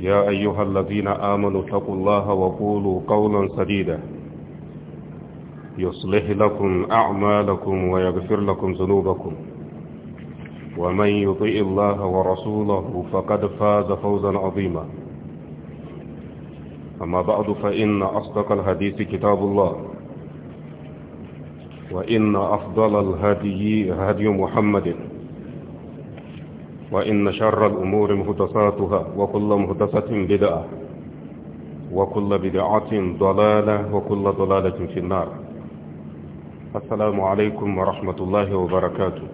يا أيها الذين آمنوا اتقوا الله وقولوا قولا سديدا يصلح لكم أعمالكم ويغفر لكم ذنوبكم ومن يطيء الله ورسوله فقد فاز فوزا عظيما أما بعد فإن أصدق الحديث كتاب الله وإن أفضل الهدي هدي محمد وإن شر الأمور مهدساتها وكل مهدسة بدعة وكل بدعة ضلالة وكل ضلالة في النار السلام عليكم ورحمة الله وبركاته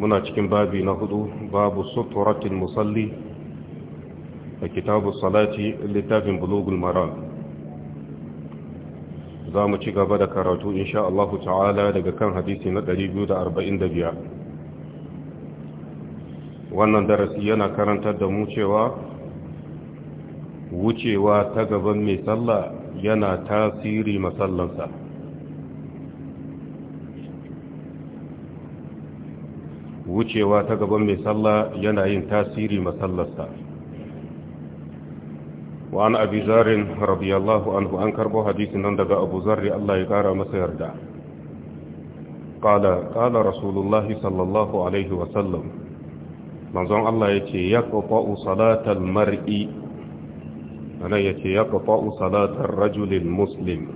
منا cikin babi na hudu babu suturatul musalli da kitabu salati littafin bulugul maram za mu ci gaba da karatu insha Allah ta'ala daga kan hadisi na 245 wannan darasi yana karantar da mu cewa wucewa ta gaban mai sallah yana tasiri masallansa wucewa ta gaban mai sallah yana yin tasiri masallarsa wa an abi zarin rabiyallahu anhu an karbo hadisi nan daga abu zarri Allah ya kara masa yarda قال قال رسول الله صلى الله عليه وسلم manzon Allah ya ce ya ƙafa'u salatar mar'i anan ya ce ya ƙafa'u salatar rajulin muslim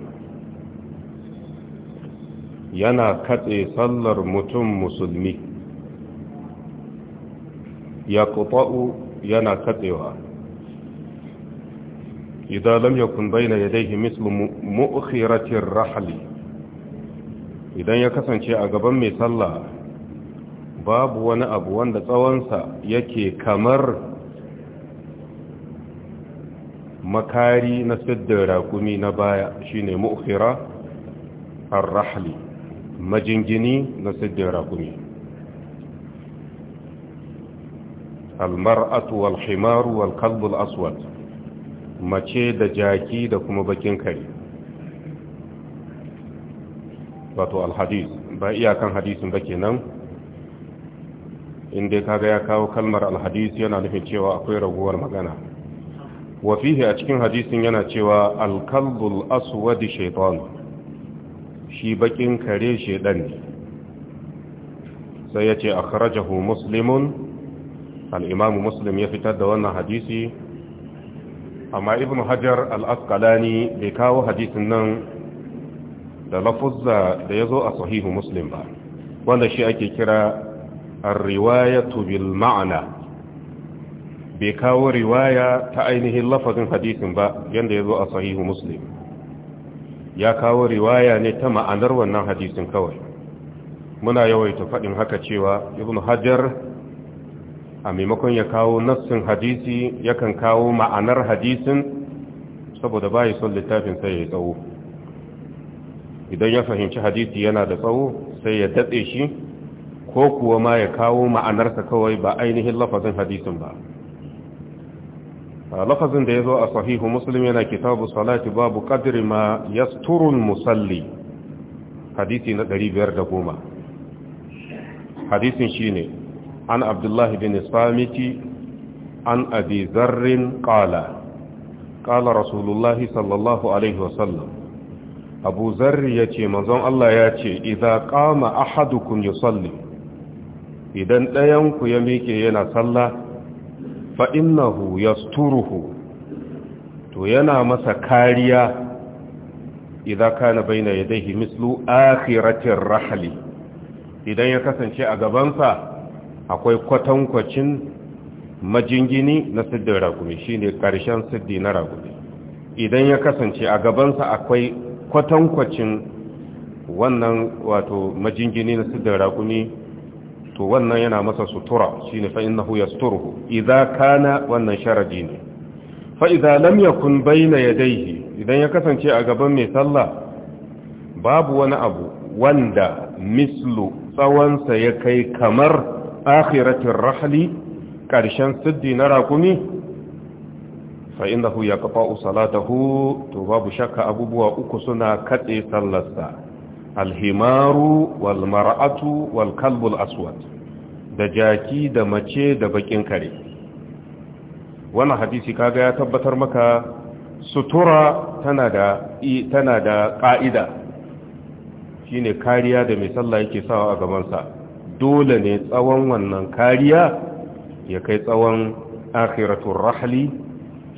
yana katse sallar mutum musulmi ya ƙafa'u yana katsewa idan lam yakun bayna yadayhi mislu mu'khiratir rahli idan ya kasance a gaban mai sallah babu wani abu wanda tsawonsa yake kamar makari na siddin rakumi na baya shine mu'khira ar-rahli majingini na siddin rakumi al-mar'atu wal-himaru wal-kalbu al-aswad mace da jaki da kuma bakin kare wato al-hadis ba iyakan hadisin ba kenan inda kaga ya kawo kalmar alhadisi yana nufin cewa akwai raguwar magana wafihi a cikin hadisin yana cewa alkalbul aswadi shaitan shi bakin kare shaitan ne sai ya ce akhrajahu muslimun al-imamu muslim ya fitar da wannan hadisi amma ibn hajar al bai kawo hadisin nan da lafuzza da zo a sahihu muslim ba wanda shi ake kira ar-riwayatu bil ma'ana bai kawo riwaya ta ainihin lafazin hadisin ba yanda zo a sahihu muslim ya kawo riwaya ne ta ma'anar wannan hadisin kawai muna yawaita faɗin haka cewa ibn hajar a maimakon ya kawo nassin hadisi yakan kawo ma'anar hadisin saboda bai son littafin sai ya tsawo idan ya fahimci hadisi yana da tsawo sai ya datse shi ko kuwa ma ya kawo ma'anarsa kawai ba ainihin lafazin hadisin ba lafazin da ya zo a sahihu muslim yana kitabu salati babu qadri ma yasturun musalli hadisi na 510 hadisin shine an abdullahi bin samiti an abi zarrin qala rasulullahi sallallahu alaihi wasallam abu zarri yace manzon Allah ya ce idza kama ahadukum yusalli idan ɗayanku ya miƙe yana sallah fa'innahu ya sturuhu to yana masa kariya idan kana baina ya dahi mislu akhiratin rahali idan ya kasance a gabansa akwai kwatankwacin majingini na siddin ragumi shi ne ƙarshen siddi na ragumi idan ya kasance a gabansa akwai kwatankwacin wannan wato majingini na siddin ragumi to wannan yana masa sutura shine fa innahu yasturuhu idza kana wannan sharadi ne fa idza lam yakun bayna yadayhi idan ya kasance a gaban mai sallah babu wani abu wanda mislu tsawonsa ya kai kamar akhiratin rahali ƙarshen siddi na rakumi fa ya yaqta'u salatahu to babu shakka abubuwa uku suna katse sallarsa alhimaru wal mar'atu wal aswad da jaki da mace da bakin kare wannan hadisi kaga ya tabbatar maka sutura tana da tana da ka'ida shine kariya da mai sallah yake sawa a gabansa dole ne tsawon wannan kariya ya kai tsawon akhiratul rahli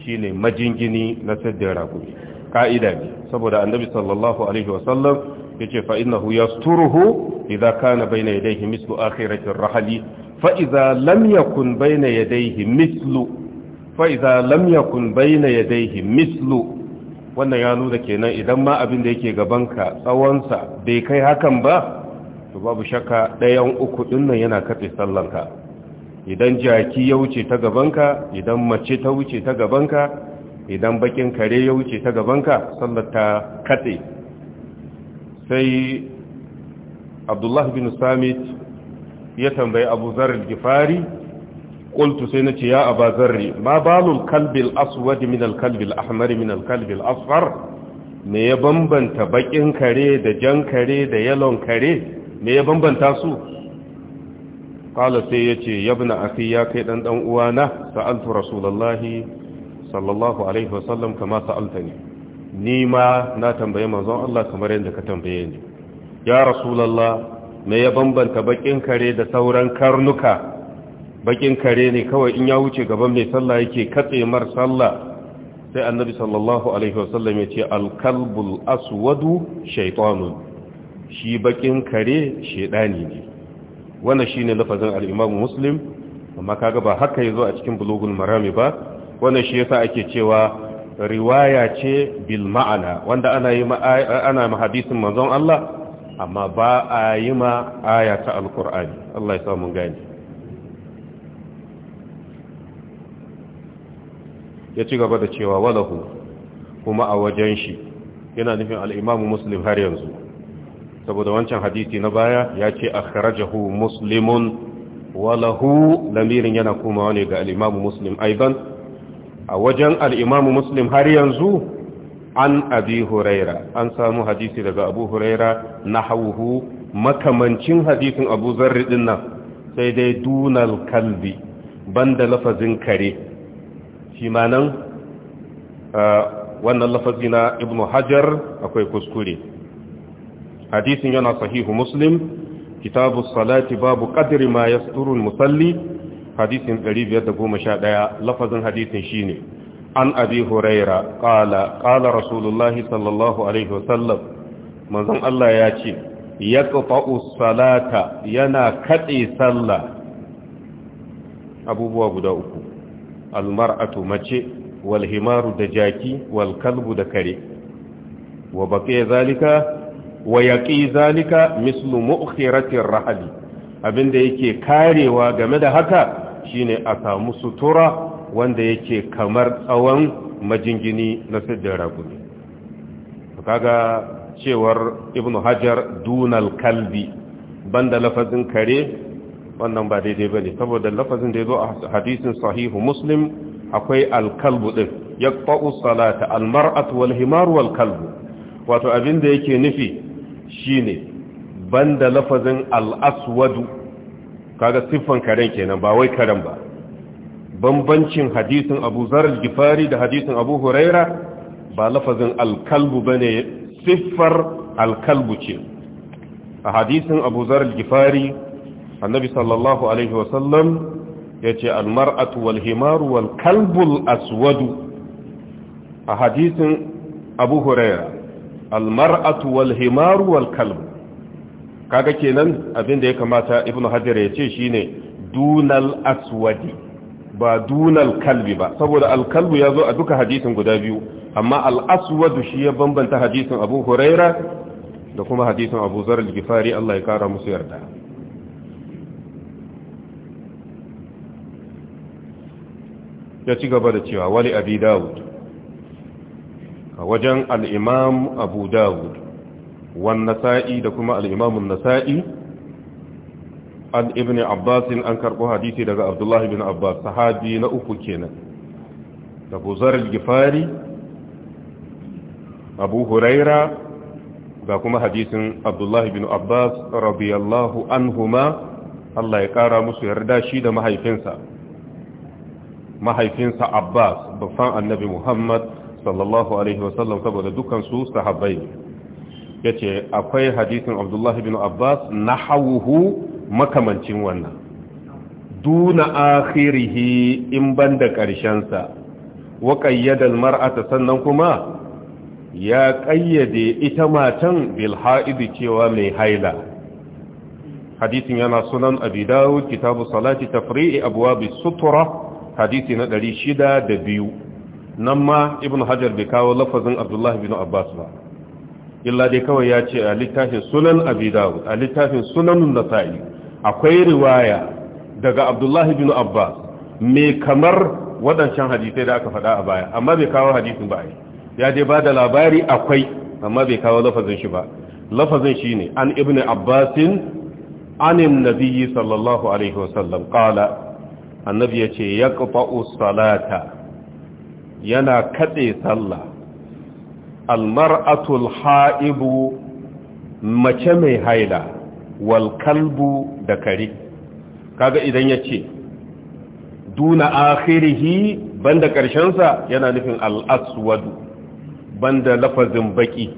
shine majingini na saddin rakumi ka'ida ne saboda annabi sallallahu alaihi wasallam yace fa innahu yasturuhu idza kana bayna yadayhi mislu na rahli fa idza lam yakun bayna yadayhi mislu fa idza lam yakun bayna yadayhi mislu wannan ya nuna kenan idan ma abin da yake gabanka tsawonsa bai kai hakan ba to babu shakka ɗayan uku ɗinnan yana katse sallanka idan jaki ya wuce ta gabanka idan mace ta wuce ta gabanka idan bakin kare ya wuce ta gabanka sallar ta katse sai abdullahi bin samit ya tambayi abu zarar gifari ƙultu sai na ce ya abu zarri ma balul kalbil aswadi min al-Kalbil, ahmari min kalbil asfar me ya bambanta bakin kare da jan kare da yalon kare me ya bambanta su ƙala sai ya ce yabna afi ya kai ɗan ɗan na, sa'altu rasulallahi sallallahu alaihi wasallam kama sa'alta ne ni ma na tambaye manzon Allah kamar yadda ka tambaye ni ya rasulullah me ya bambanta bakin kare da sauran karnuka bakin kare ne kawai in ya wuce gaban mai sallah yake katse mar sallah sai annabi sallallahu alaihi wasallam ya ce al-kalbul aswadu shaytanun shi bakin kare shedani ne wannan shine lafazin al-Imam Muslim amma kaga ba haka yazo a cikin bulugul marami ba wannan shi yasa ake cewa riwaya ce bil ma'ana wanda ana yi ma hadisin manzon Allah amma ba a yi ma aya ta alkur'ani Allah ya samu gani ya ci gaba da cewa walahu kuma a wajen shi yana nufin al'imamu muslim har yanzu saboda wancan hadisi na baya ya ce a kharajahu muslimun walahu lamirin yana kuma wani ga al'imamu muslim aiban a wajen al'imamu muslim har yanzu an abi huraira an samu hadisi daga abu huraira na hauhu makamancin hadisin abu zarri nan sai dai dunal kalbi banda lafazin kare shi ma nan wannan lafazi na ibn hajar akwai kuskure hadisin yana sahihu muslim kitabu salati babu qadri ma yasturul musalli hadisin 511 lafazin hadisin shine an abi huraira ƙala. qala rasulullahi sallallahu alaihi wasallam manzon Allah ya ce yaqta'u salata yana katse sallah abubuwa guda uku almar'atu mace Walhimaru da jaki wal kalbu da kare wa baqiya zalika wa yaqi zalika mislu mu'khiratir abinda yake karewa game da haka shine a samu sutura wanda yake kamar tsawon majingini na siddin raguni kaga cewar ibnu hajar dunal kalbi banda lafazin kare wannan ba daidai bane saboda lafazin da yazo a hadisin sahihu muslim akwai alkalbu din yaqta'u salata almar'atu wal himar wal kalbu wato abinda yake nufi shine banda lafazin al'aswadu kaga siffan karen kenan ba wai karen ba bambancin hadisin abu zarar gifari da hadisin abu huraira ba lafazin alkalbu ba ne siffar alkalbu ce a hadisin abu zarar gifari annabi sallallahu alaihi wasallam ya ce almar'atu wal himaru wal kalbul aswadu a hadisin abu huraira almar'atu wal himaru wal kalbu kaga kenan abin da ya kamata ibnu hajjar ya ce shine dunal aswadi ba dunal kalbi ba saboda alkalbu ya zo a duka hadisin guda biyu amma al'aswadu shi ya bambanta hadisin abu huraira da kuma hadisin abu zarar gifari Allah ya kara musu yarda ya ci gaba da cewa wali abi dawud a wajen al'imam abu dawud wan nasa'i da kuma al-imam an-nasa'i an abbas an karɓo hadisi daga abdullahi bin abbas sahabi na uku kenan da buzar al-gifari abu huraira ga kuma hadisin abdullahi bin abbas radiyallahu anhuma Allah ya kara musu yarda shi da mahaifinsa mahaifinsa abbas babban annabi muhammad sallallahu alaihi wasallam saboda dukansu sahabbai ne ya ce akwai hadisin abdullahi bin abbas na hauhu makamancin wannan duna akhirihi in ban da ƙarshensa wa ƙayyadar mar'ata sannan kuma ya ƙayyade ita matan bilha'idu cewa mai haila hadisin yana sunan abidawu kitabu salati tafri'i abuwa bi sutura hadisi na 602 nan ma ibn hajar bai kawo lafazin abdullahi bin abbas ba illa dai kawai ya ce a littafin sunan abi a littafin sunanun nasa'i akwai riwaya daga abdullahi bin abbas mai kamar waɗancan hadisai da aka faɗa a baya amma bai kawo hadisin ba ya dai ba da labari akwai amma bai kawo lafazin shi ba lafazin shi ne an ibn abbasin anin nabiyyi sallallahu alaihi wasallam qala annabi yace yaqta'u salata yana katse sallah almar'atul ha'ibu mace mai haila wal kalbu da kare kaga idan ya ce duna akhirihi banda sa yana nufin al'aswadu banda lafazin baki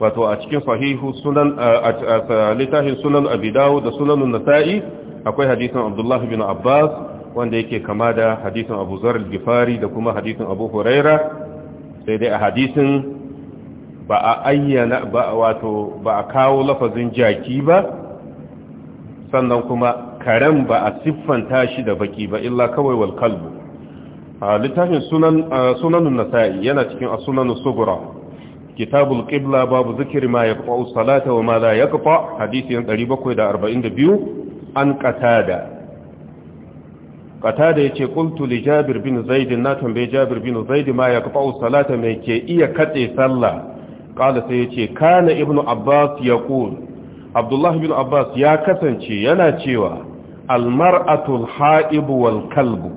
wato a cikin sahihu sunan littafin sunan abidawo da sunanun nasa'i akwai hadisin abdullahi bin abbas wanda yake kama da hadisin abu zarar gifari da kuma hadisin abu huraira sai dai a hadisin ba a ayyana ba wato ba a kawo lafazin jaki ba sannan kuma karen ba a siffanta shi da baki ba illa kawai wal kalbu littafin sunanun nasa'i yana cikin sunanun sugura kitabul qibla babu zikir ma yaqfa'u salata wa ma la yaqfa hadisin 742 an qatada qatada yace qultu li jabir bin zaid na tambaye jabir bin zaid ma yaqfa'u salata mai ke iya katse sallah ƙada sai ya ce kana ibn abbas ya ƙun abdullahi bin abbas ya kasance yana cewa almar'atul ha'ibu wal kalbu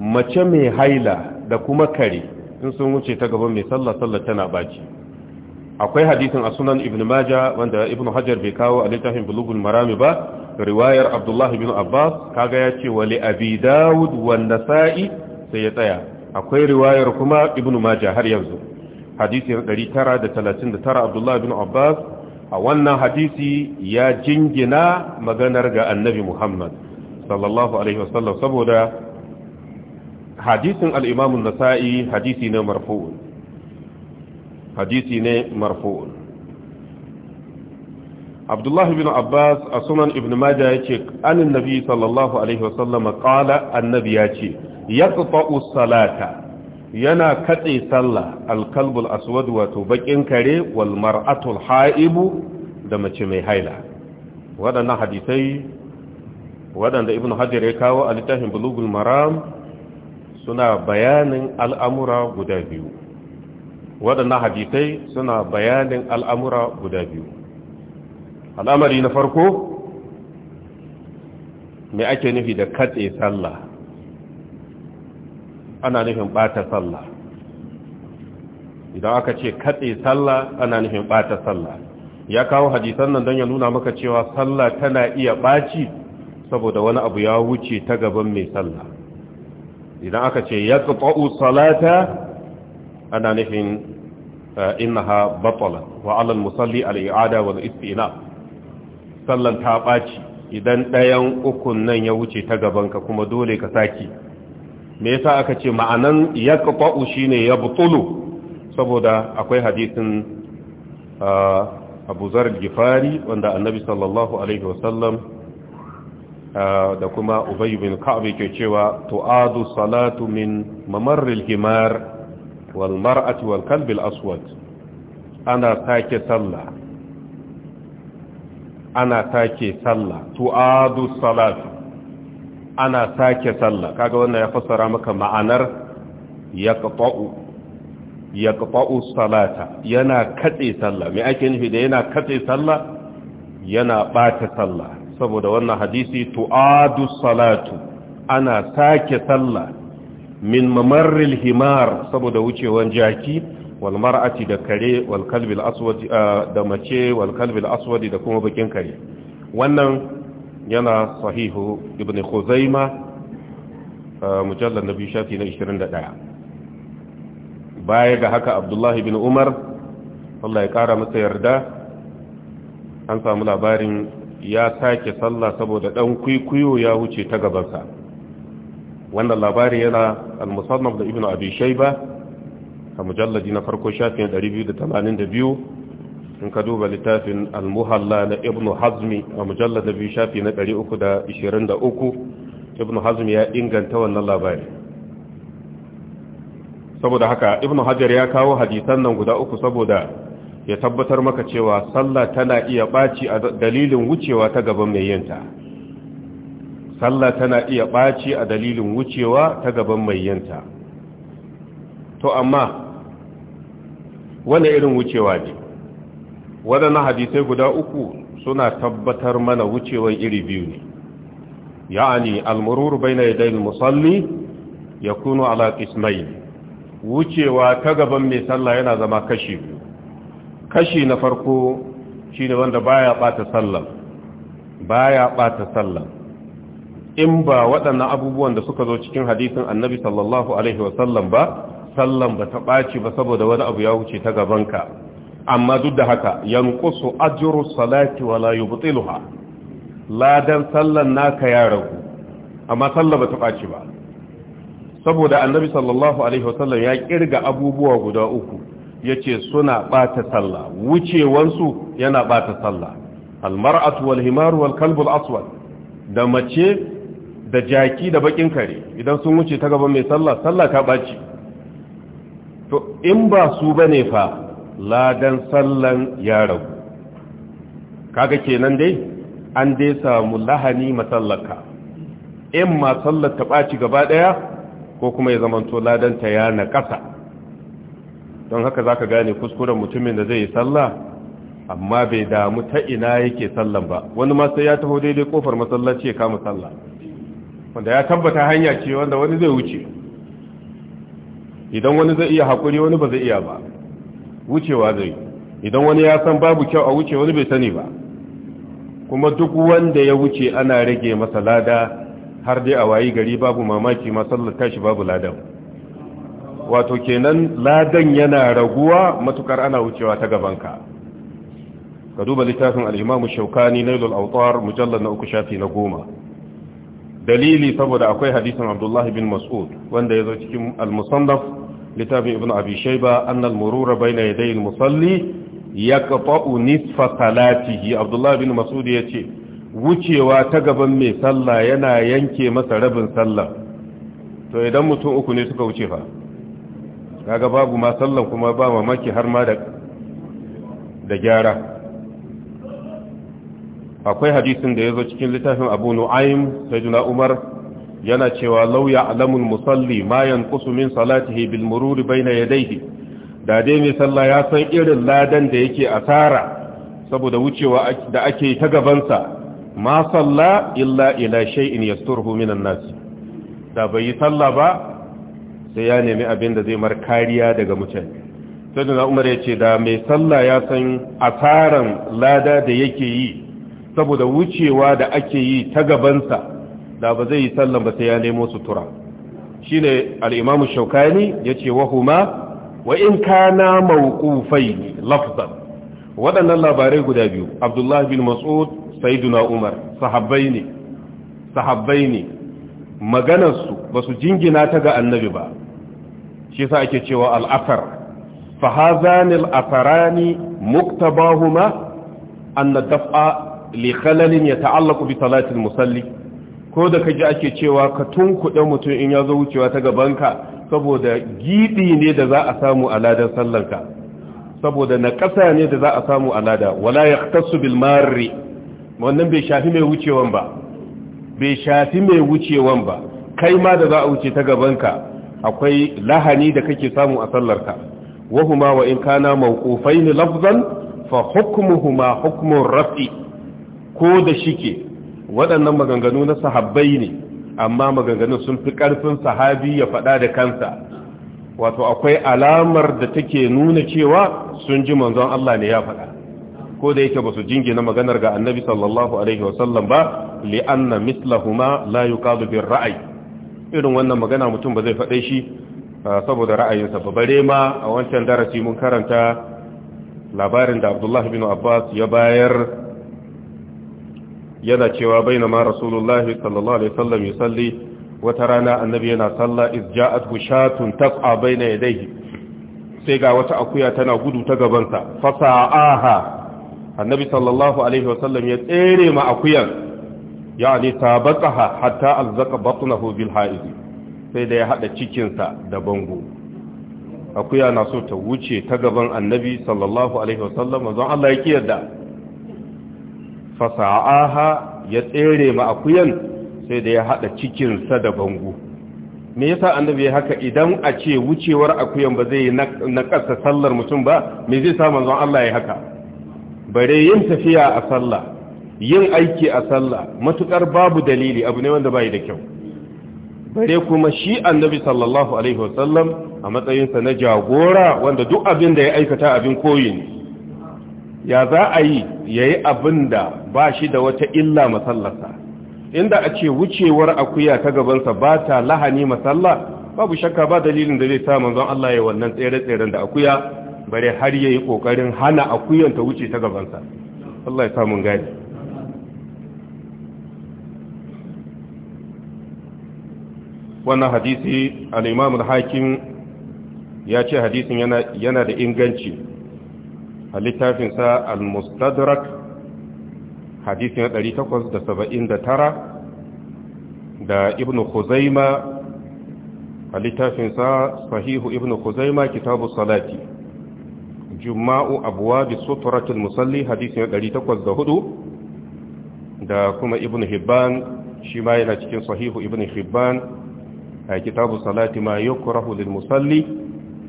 mace mai haila da kuma kare in sun wuce ta gaban mai sallah sallah tana baci akwai hadisin a sunan ibn maja wanda ibn hajar bai kawo a littafin bulugul marami ba riwayar abdullahi bin abbas kaga ya ce wa li abi dawud wa nasa'i sai ya tsaya akwai riwayar kuma ibn maja har yanzu hadisi 939 abdullahi bin abbas a wannan hadisi ya jingina maganar ga annabi muhammad sallallahu alaihi wasallam saboda hadisin al'imamun nasa'i hadisi ne marfu'un hadisi ne marfu'un abdullahi bin abbas a sunan ibn maja ya ce anin nabi sallallahu alaihi wasallam ƙala annabi ya ce ya salata yana katse sallah alkalbul aswad wato bakin kare wal mar'atul haibu da mace mai haila waɗannan hadisai waɗanda ibn hajar ya kawo a littafin bulugul maram suna bayanin al'amura guda biyu waɗannan hadisai suna bayanin al'amura guda biyu al'amari na farko me ake nufi da katse sallah ana nufin ɓata sallah idan aka ce katse sallah ana nufin ɓata sallah ya kawo hadisan nan don ya nuna maka cewa sallah tana iya ɓaci saboda wani abu ya wuce ta gaban mai sallah idan aka ce ya tsatsu salata ana nufin eh, ha batola wa alal musalli al'ada wal istina sallan ta ɓaci idan ɗayan ukun nan ya wuce ta gabanka kuma dole ka saki me yasa aka ce ma'anan yaqta'u shine butulu saboda akwai hadisin Abu Zar al wanda Annabi sallallahu alaihi wasallam da kuma Ubay bin ka'abi ke cewa tu'adu salatu min mamarril himar wal mar'ati wal kalbi aswad ana sake sallah ana sake sallah tu'adu salatu ana sake sallah kaga wannan ya fassara maka ma'anar yaqta'u yaqta'u salata yana katse sallah me ake nufi da yana katse sallah yana bata sallah saboda wannan hadisi tu'adu salatu ana sake sallah min mamarril himar saboda wucewan jaki wal mar'ati da kare wal kalbil ah, da mace wal kalbil aswad da kuma bakin kare wannan yana sahihu ibn khuzaima uh, mujallar na biyu shafi na 21 baya ga haka abdullahi bin umar Allah ya kara masa yarda an samu labarin ya sake sallah saboda dan kwikwiyo ya wuce ta gabansa wannan labari yana al-musannaf da ibn abi shayba a mujallaji na farko na 282 in ka duba littafin almuhalla na ibn hazmi a mujallar da biyu shafi na 323 ibn hazmi ya inganta wannan labari saboda haka ibn hajar ya kawo hadisan nan guda uku saboda ya tabbatar maka cewa sallah tana iya ɓaci a dalilin wucewa ta gaban mai yanta sallah tana iya baci a dalilin wucewa ta gaban mai yanta to amma wane irin wucewa ne waɗannan hadisai guda uku suna tabbatar mana wucewar iri biyu ne ya'ani almururu baina yadayil musalli yakunu ala qismayn wucewa ta gaban mai sallah yana zama kashi biyu kashi na farko shine wanda baya bata sallah baya bata sallah in ba waɗannan abubuwan da suka zo cikin hadisin annabi sallallahu alaihi wasallam ba sallan ba ta ɓaci ba saboda wani abu ya wuce ta gabanka amma duk da haka yanqusu ajru salati wala yubtiluha ladan sallan naka ya ragu amma sallah ba ta ɓaci ba saboda annabi sallallahu alaihi wasallam ya kirga abubuwa guda uku yace suna ɓata sallah wucewansu yana ɓata sallah almar'atu wal himaru wal kalbul aswad da mace da jaki da bakin kare idan sun wuce ta gaban mai sallah sallah ta ɓaci to in ba su bane fa ladan sallan ya ragu kaga kenan dai an dai samu lahani masallaka in ma sallar ta ɓaci gaba ɗaya ko kuma ya zamanto ladan ta ya na ƙasa don haka za ka gane kuskuren mutumin da zai yi sallah amma bai damu ta ina yake sallan ba wani ma ya taho daidai kofar masallaci ya kama sallah wanda ya tabbata hanya ce wanda wani zai wuce idan wani zai iya haƙuri wani ba zai iya ba wucewa zai idan wani ya san babu kyau a wuce wani bai sani ba kuma duk wanda ya wuce ana rage masa lada har dai a wayi gari babu mamaki masallar tashi babu ladan wato kenan ladan yana raguwa matukar ana wucewa ta gabanka ka duba littafin al'imamu shaukani na autar mujallar na uku shafi na goma dalili saboda akwai hadisin abdullahi bin mas'ud wanda ya zo cikin al-musannaf littafin ibn abi shayba annal murura baina yadayil musalli yaqta'u nisfa salatihi abdullah bin mas'ud yace wucewa ta gaban mai sallah yana yanke masa rabin sallah to idan mutum uku ne suka wuce fa kaga babu ma sallan kuma ba mamaki har ma da da gyara akwai hadisin da yazo cikin littafin Abu Nu'aym sayyidina Umar yana cewa lauya alamun musalli mayan kusumin salati salatihi bil murur baina yadayhi da dai mai sallah ya san irin ladan da yake asara saboda wucewa da ake ta gabansa ma salla illa ila shay'in yasturhu minan nas da bai yi sallah ba sai ya nemi abin da zai mar kariya daga mutane sai umar ya ce da mai sallah ya san asaran lada da yake yi saboda wucewa da ake yi ta gabansa da ba zai yi sallan ba sai ya nemo sutura shine al-imamu shaukani Ya ce, huma wa in kana mawqufaini lafzan waɗannan labarai guda biyu abdullahi bin mas'ud sayyiduna umar sahabbai ne sahabbai ne maganarsu ba su jingina ta ga annabi ba shi sa ake cewa al'afar fahazanil afarani muktabahuma anna daf'a li khalalin yata'allaqu bi salatil musalli ko da kaji ake cewa ka tunkuɗe mutum in ya zo wucewa ta gabanka saboda gidi ne da za a samu a ladar sallanka saboda na ƙasa ne da za a samu a lada wala ya tasu bil marri wannan bai shafi mai wucewan ba bai shafi mai wucewan ba kai ma da za a wuce ta gabanka akwai lahani da kake samu a sallarka wahuma wa in kana mawqufain lafzan fa hukmuhuma hukmun raf'i ko da shike waɗannan maganganu na sahabbai ne amma maganganun sun fi ƙarfin sahabi ya faɗa da kansa wato akwai alamar da take nuna cewa sun ji manzon Allah ne ya faɗa ko da yake ba su jingina maganar ga annabi sallallahu alaihi wasallam ba li'anna mislahuma la yuqadu bir ra'ay irin wannan magana mutum ba zai faɗe shi saboda ra'ayinsa ba bare ma a wancan darasi mun karanta labarin da Abdullah bin Abbas ya bayar yana cewa ma rasulullahi sallallahu alaihi wasallam yusalli wata rana annabi yana sallah iz ja'at hushatun tas'a baina yadayhi sai ga wata akuya tana gudu ta gabansa fasa'aha annabi sallallahu alaihi wasallam ya tsere ma akuyan yani tabaqaha hatta alzaqa batnahu bil sai da ya hada cikinsa da bango akuya na so ta wuce ta gaban annabi sallallahu alaihi wasallam zan Allah ya kiyarda fasa'aha ya tsere ma akuyan sai da ya haɗa cikinsa da bango me yasa annabi haka idan a ce wucewar akuyan ba zai kasa sallar mutum ba me zai sa manzon Allah ya haka bare yin tafiya a sallah yin aiki a sallah matukar babu dalili abu ne wanda bai da kyau bare kuma shi annabi sallallahu alaihi wasallam a matsayinsa na jagora wanda duk abin da ya aikata abin koyi ne ya za a yi ya yi abin da ba shi da wata illa masallarsa inda a ce wucewar akuya ta gabansa ba ta lahani masalla babu shakka ba dalilin da zai sa manzon Allah ya wannan tsere-tseren da akuya bare har ya yi ƙoƙarin hana akuyan ta wuce ta gabansa Allah ya samun gani wannan hadisi al hakim ya ce hadisin yana da inganci a littafinsa al-mustadrak hadisi na 879 da ibn khuzaima a littafinsa sahihu ibn khuzaima kitabu salati juma'u abwabi suturatul musalli hadisi na 804 da kuma ibn hibban shi ma yana cikin sahihu ibn hibban a kitabu salati ma yukrahu lil musalli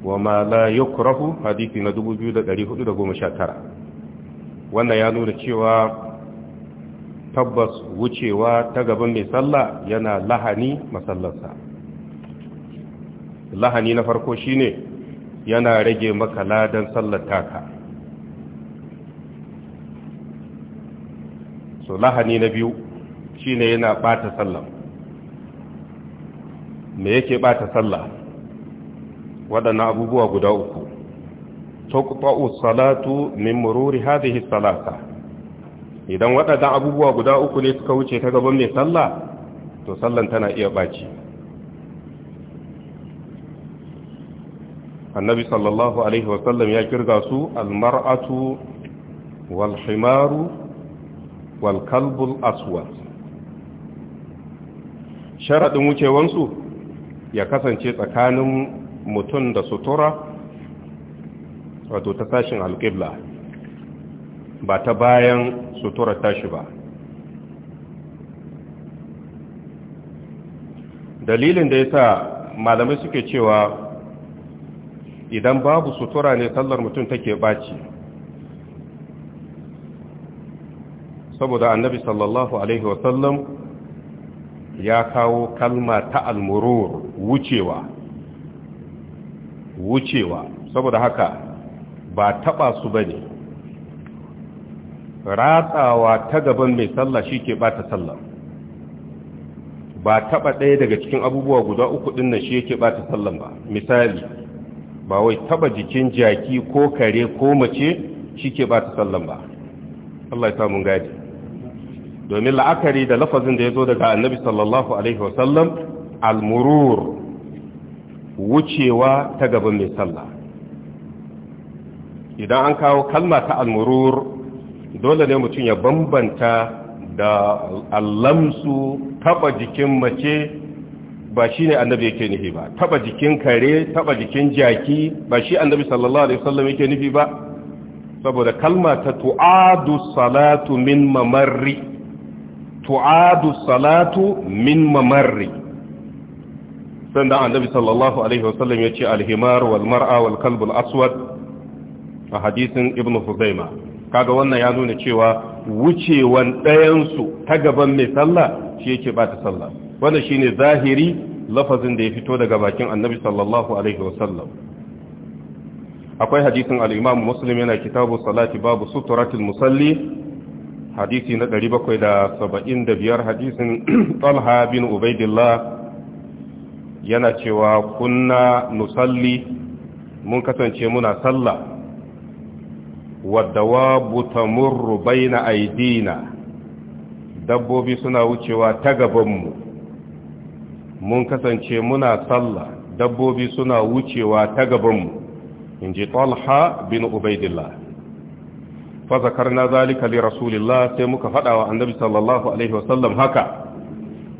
wa ma la yukrahu hadisi na 2419 wannan ya nuna cewa tabbas wucewa ta gaban mai sallah yana lahani masallarsa lahani na farko shine yana rage maka ladan sallar taka so lahani na biyu shine yana bata sallah me yake bata sallah waɗannan abubuwa guda uku tuqta'u salatu min mururi hadhihi salata idan waɗannan abubuwa guda uku ne suka wuce ta gaban mai sallah to sallan tana iya baci annabi sallallahu alaihi wasallam ya kirga su almar'atu wal himaru wal kalbul aswad sharadin wucewansu ya kasance tsakanin mutum da sutura wato ta tashin alƙibla ba ta bayan sutura tashi ba dalilin da ya sa malamai suke cewa idan babu sutura ne sallar mutum take ɓaci saboda annabi sallallahu alaihi wasallam ya kawo kalma ta almurur wucewa wucewa saboda haka ba taba su bane ratsawa ta gaban mai sallah ke bata sallah ba taba ɗaya daga cikin abubuwa guda uku ɗin na shi yake bata sallah ba misali ba wai taba jikin jaki ko kare ko mace shi ke bata sallah ba Allah ya samu gadi domin la'akari da lafazin da ya zo daga annabi sallallahu alaihi wasallam al-murur wucewa ta gaban mai sallah idan an kawo kalma ta almurur dole ne mutum ya bambanta da allamsu taba jikin mace ba shi ne annabi yake nufi ba taba jikin kare taba jikin jaki ba shi annabi sallallahu alaihi wasallam yake nufi ba saboda kalma ta tu'adu salatu min mamarri tu'adu salatu min mamarri sannan annabi sallallahu alaihi wasallam ya ce alhimar wal mar'a wal aswad a hadisin ibnu huzaima kaga wannan ya nuna cewa wucewan su ta gaban mai sallah shi yake ba ta sallah wannan shine zahiri lafazin da ya fito daga bakin annabi sallallahu alaihi wasallam akwai hadisin al-imam muslim yana kitabu salati babu suturatul musalli hadisi na 775 hadisin talha bin ubaidillah yana cewa kunna nusalli mun kasance muna sallah waddawabu tamurru baina aidina dabbobi suna wucewa ta gabanmu mun kasance muna sallah dabbobi suna wucewa ta gabanmu in ji talha bin ubaidillah fa zakarna zalika li rasulillah sai muka fada wa annabi sallallahu alaihi wasallam haka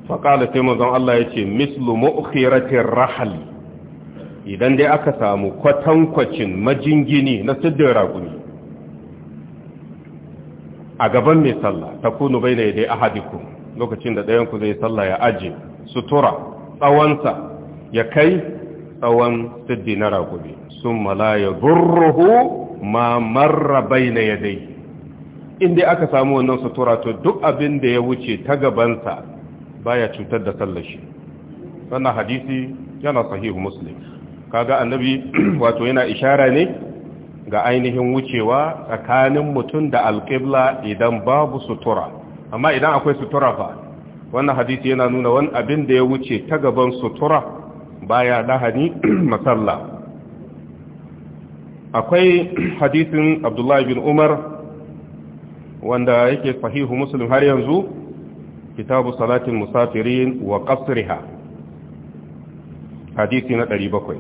faƙala sai Allah ya ce mislu mu'khiratin rahal idan dai aka samu kwatankwacin majingini na siddin raguni a gaban mai sallah ta kunu bai na dai ahadiku lokacin da ɗayanku zai sallah ya aji sutura tsawonsa ya kai tsawon siddi na raguni sun malaya burruhu ma marra bai na ya dai inda aka samu wannan sutura to duk abin da ya wuce ta gabansa baya cutar da sallar shi sannan hadisi yana sahihu muslim kaga annabi wato yana ishara ne ga ainihin wucewa tsakanin mutum da alƙibla idan babu sutura amma idan akwai sutura fa wannan hadisi yana nuna wani abin da ya wuce ta gaban sutura baya lahani masalla akwai hadisin abdullahi bin umar wanda yake sahihu muslim har yanzu kitabu salatin musafirin wa qasriha hadisi na 700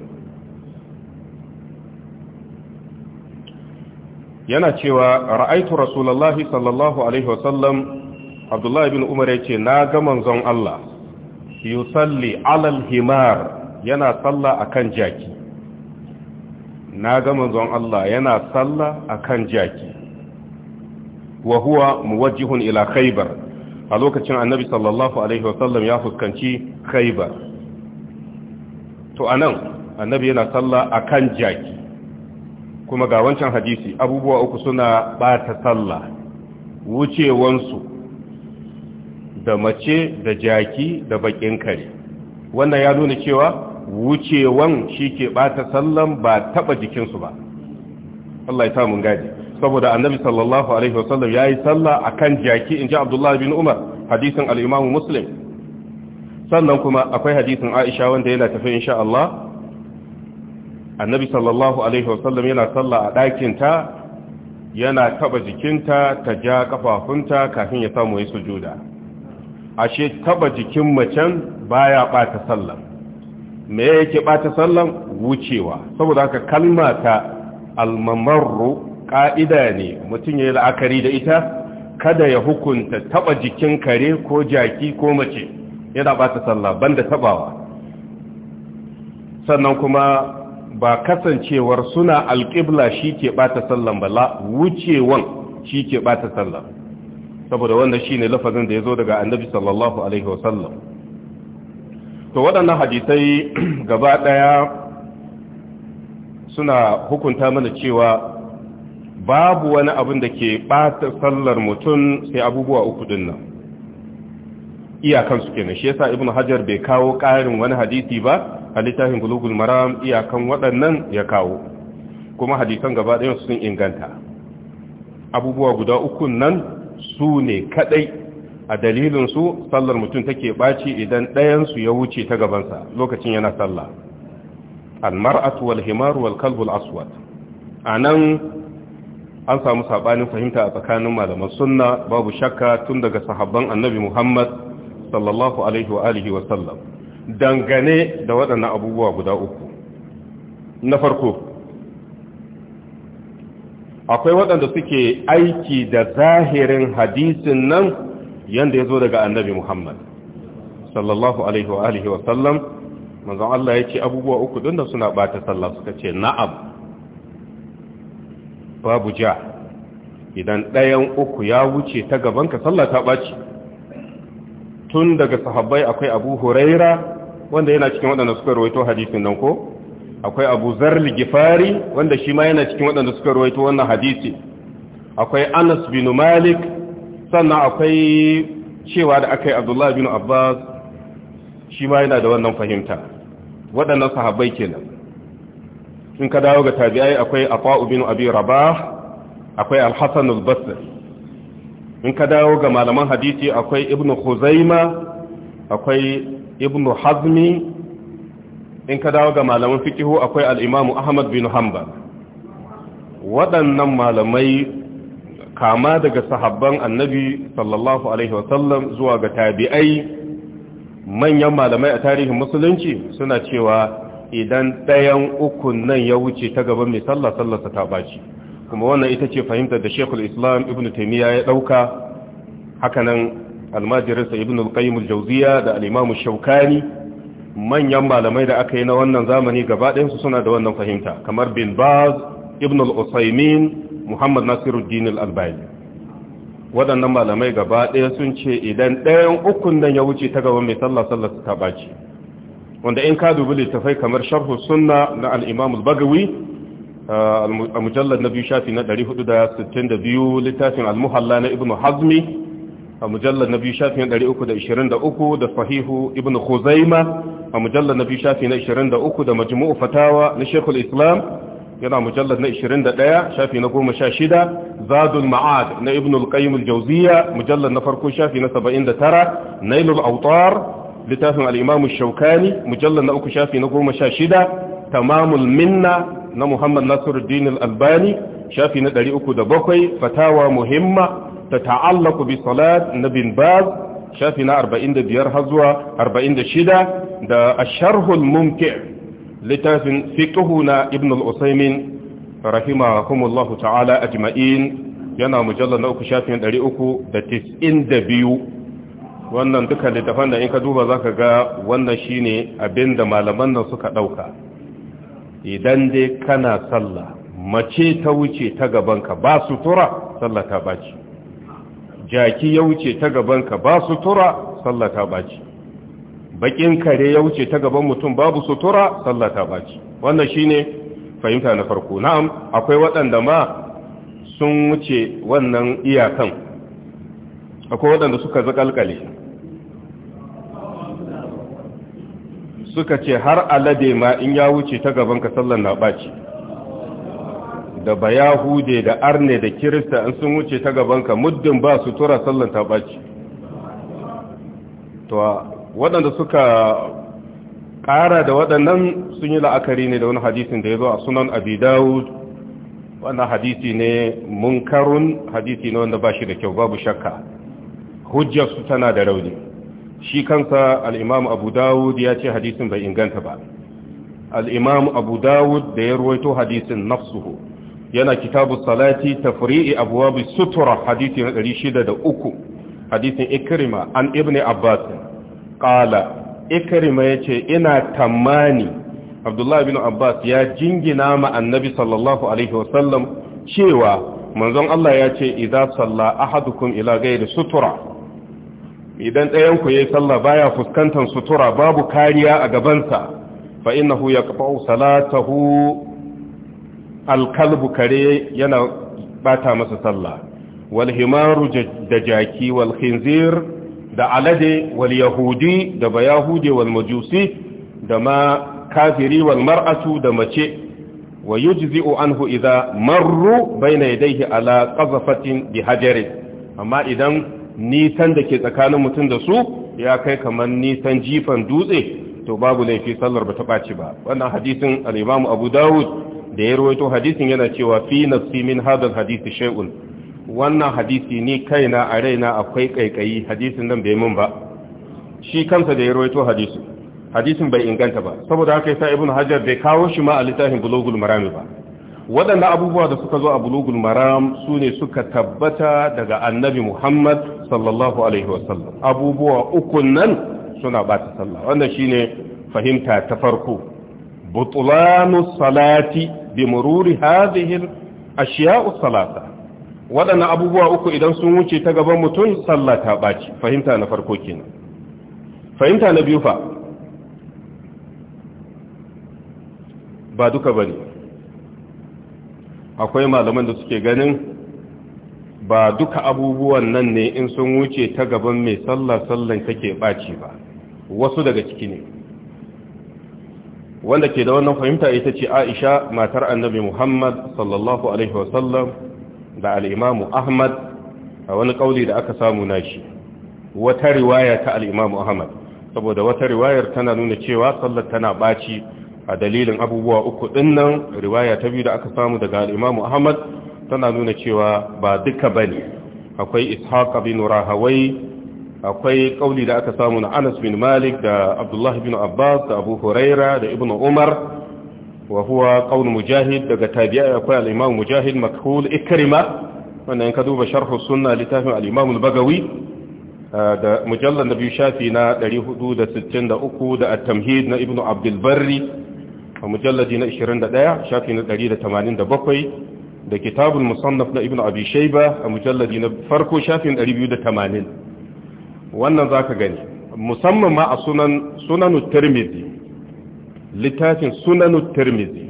yana cewa ra'aitu rasulullahi sallallahu alaihi wasallam abdullahi bin umar yace na ga manzon Allah yusalli alal himar yana salla akan jaki na ga manzon Allah yana sallah akan jaki wahuwa huwa muwajjihun ila khaybar a lokacin annabi sallallahu alaihi wasallam ya fuskanci khaibar to anan annabi yana sallah kan jaki kuma ga wancan hadisi abubuwa uku suna bata sallah wucewansu da mace da jaki da bakin kare wannan ya nuna cewa wucewan shi ke bata sallan ba taba jikinsu ba Allah ya sa mun gaji saboda annabi sallallahu alaihi wasallam ya yi sallah a kan jaki in ji abdullahi bin umar hadisin al'imamu muslim sannan kuma akwai hadisin aisha wanda yana tafi insha Allah annabi sallallahu alaihi wasallam yana sallah a ɗakinta yana taba jikinta ta ja kafafunta kafin ya samu ya sujuda ashe taba jikin macen baya ɓata sallah me yake ɓata sallah wucewa saboda haka kalma ta almamarru ƙa'ida ne mutum ya yi la'akari da ita kada ya hukunta taɓa jikin kare ko jaki ko mace yana ɓata sallah banda taɓawa sannan kuma ba kasancewar suna alƙibla shi ke ɓata sallan ba la wucewan shi ke ɓata sallan saboda wanda shi ne lafazin da ya zo daga annabi sallallahu alaihi wasallam to waɗannan hadisai gaba ɗaya suna hukunta mana cewa babu wani abin da ke ɓata sallar mutum sai abubuwa uku din nan iyakan su kenan shi yasa ibnu hajar bai kawo ƙarin wani hadisi ba a littafin bulugul maram iyakan waɗannan ya kawo kuma hadisan gaba ɗayan sun inganta abubuwa guda uku nan su ne kaɗai a dalilin su sallar mutum take ɓaci idan ɗayansu ya wuce ta gabansa lokacin yana sallah al-mar'atu wal himar wal kalbul aswad anan an samu sabanin fahimta a tsakanin malaman sunna babu shakka tun daga sahabban annabi Muhammad sallallahu alaihi wa alihi wa sallam dangane da waɗannan abubuwa guda uku na farko akwai waɗanda suke aiki da zahirin hadisin nan yanda ya zo daga annabi Muhammad sallallahu alaihi wa alihi wa sallam manzon Allah ya ce abubuwa uku ɗin da suna ɓata sallah suka ce na'am babu ja idan ɗayan uku ya wuce ta gabanka sallah ta ɓaci tun daga sahabbai akwai abu huraira wanda yana cikin waɗanda suka rawaito hadisin nan ko akwai abu zarli gifari wanda shi ma yana cikin waɗanda suka rawaito wannan hadisi akwai anas bin malik sannan akwai cewa da aka yi Abdullahi bin abbas shi ma yana da wannan fahimta waɗannan sahabbai kenan in ka dawo ga tabi'ai akwai afa'u bin abi rabah akwai al-hasan al-basri in ka dawo ga malaman hadisi akwai ibn khuzaima akwai ibn hazmi in ka dawo ga malaman fikihu akwai al-imam ahmad bin hanbal waɗannan malamai kama daga sahabban annabi sallallahu alaihi wasallam zuwa ga tabi'ai manyan malamai a tarihin musulunci suna cewa idan ɗayan ukun nan ya wuce ta gaban mai sallah sallarsa ta baci kuma wannan ita ce fahimtar da shekul islam ibn taimiyya ya ɗauka hakanan almajirinsa ibn al jauziya da al'imamu shaukani manyan malamai da aka yi na wannan zamani gaba ɗayansu suna da wannan fahimta kamar bin baz ibn al-usaymin muhammad nasiruddin al-albani waɗannan malamai gaba ɗaya sun ce idan ɗayan ukun nan ya wuce ta gaban mai sallah sallarsa ta baci wanda in ka dubi littafai kamar sharhu sunna na al bagawi uh, a mujallar na biyu shafi na 462 littafin al-muhalla na ibn hazmi a mujallar na biyu shafi na 323 da Fahihu ibn khuzaima a mujallar na biyu shafi na 23 da majmu'u fatawa na shekul islam yana mujallar na 21 shafi na 16 zadul ma'ad na ibn al-qayyim al-jawziya mujallar na farko shafi na 79 nailul autar littafin al'imamu shaukani mujallar na uku shafi na goma sha shida tamamul minna na muhammad nasiruddin albani shafi na ɗari uku da bakwai fatawa muhimma ta ta'allaku bi salat na bin baz shafi na arba'in da biyar har zuwa arba'in da shida da asharhul mumki littafin fiqhu na ibn al-usaimin rahimahumullahu ta'ala ajma'in yana mujallar na uku na ɗari uku da tis'in da biyu wannan duka littafan da in ka duba za ka ga wannan shine abin da malaman nan suka ɗauka idan dai kana sallah mace ta wuce ta gabanka ba su tura sallah ta baci jaki ya wuce ta gabanka ba su tura sallah ta baci bakin kare ya wuce ta gaban mutum babu tura sallah ta baci wannan shine fahimta na farko na'am akwai waɗanda ma sun wuce wannan iyakan akwai waɗanda suka zakalkale suka ce har alade ma in ya wuce ta gaban ka sallar na ɓaci da bayahude da arne da kirista in sun wuce ta gaban ka muddin ba su tura sallar ta ɓaci to waɗanda suka ƙara da waɗannan sun yi la'akari ne da wani hadisin da ya zo a sunan abi dawud wannan hadisi ne munkarun hadisi ne wanda ba shi da kyau babu shakka hujjarsu tana da rauni shi kansa al'imam abu dawud ya ce hadisin bai inganta ba al'imam abu dawud da ya ruwaito hadisin nafsuhu yana kitabu salati tafri'i abuwa sutura hadisi na 603 hadisin ikirima an Ibni abbas ƙala ikirima ya ce ina tamani abdullahi bin abbas ya jingina ma annabi sallallahu alaihi wasallam cewa manzon Allah ya ce idza salla ahadukum ila ghairi sutura idan ɗayan ku yayi sallah baya fuskantar sutura babu kariya a gabansa fa innahu yaqfa'u salatahu alkalbu kare yana bata masa sallah wal himaru da jaki wal khinzir da alade wal yahudi da bayahudi wal majusi da ma kafiri wal mar'atu da mace wa yujzi'u anhu idza marru bayna yadayhi ala qazafatin bi hajarin amma idan nisan da ke tsakanin mutum da su ya kai kamar nisan jifan dutse to babu laifi sallar ba ta ɓaci ba wannan hadisin al-imamu abu dawud da ya rawaito hadisin yana cewa fi nafsi min hadal hadisi shay'un wannan hadisi ni kaina a raina akwai kaikayi hadisin nan bai mun ba shi kansa da ya rawaito hadisi hadisin bai inganta ba saboda haka yasa Ibn hajar bai kawo shi ma a littafin bulugul marami ba waɗanda abubuwa da suka zo a bulugul maram su ne suka tabbata daga annabi muhammad sallallahu alaihi wasallam abubuwa ukun nan suna bata sallah wannan shine fahimta ta farko butulanu salati bi mururi hadhihi ashiya'u salata waɗannan abubuwa uku idan sun wuce ta gaban mutum sallah ta baci fahimta na farko kenan fahimta na biyu fa ba duka bane akwai malaman da suke ganin ba duka abubuwan nan ne in sun wuce ta gaban mai sallah sallan take ɓaci ba wasu daga ciki ne wanda ke da wannan fahimta ita ce aisha matar annabi muhammad sallallahu alaihi wasallam da al'imamu ahmad a wani ƙauli da aka samu nashi wata riwaya ta al'imamu ahmad saboda wata riwayar tana nuna cewa sallar tana ɓaci a dalilin abubuwa uku ɗin nan riwaya ta biyu da aka samu daga al'imamu ahmad tana nuna cewa ba duka ba ne. akwai ishaq bin rahawai akwai kauli da aka samu na Anas bin Malik da Abdullahi bin Abbas da Abu Huraira da Ibn Umar wa huwa qaul mujahid daga tabi'i akwai al-Imam Mujahid makhul Ikrima wannan ka duba sharh sunna littafin al-Imam al-Bagawi da mujallal nabi shafi na 463 da at-Tamhid na Ibn Abdul Barri a mujalladi na 21 shafi na 187 da kitabun musannaf na ibn abi shayba a mujalladi na farko shafin 280 wannan zaka gani musamman ma a sunan sunanu tirmidhi littafin sunanu tirmidhi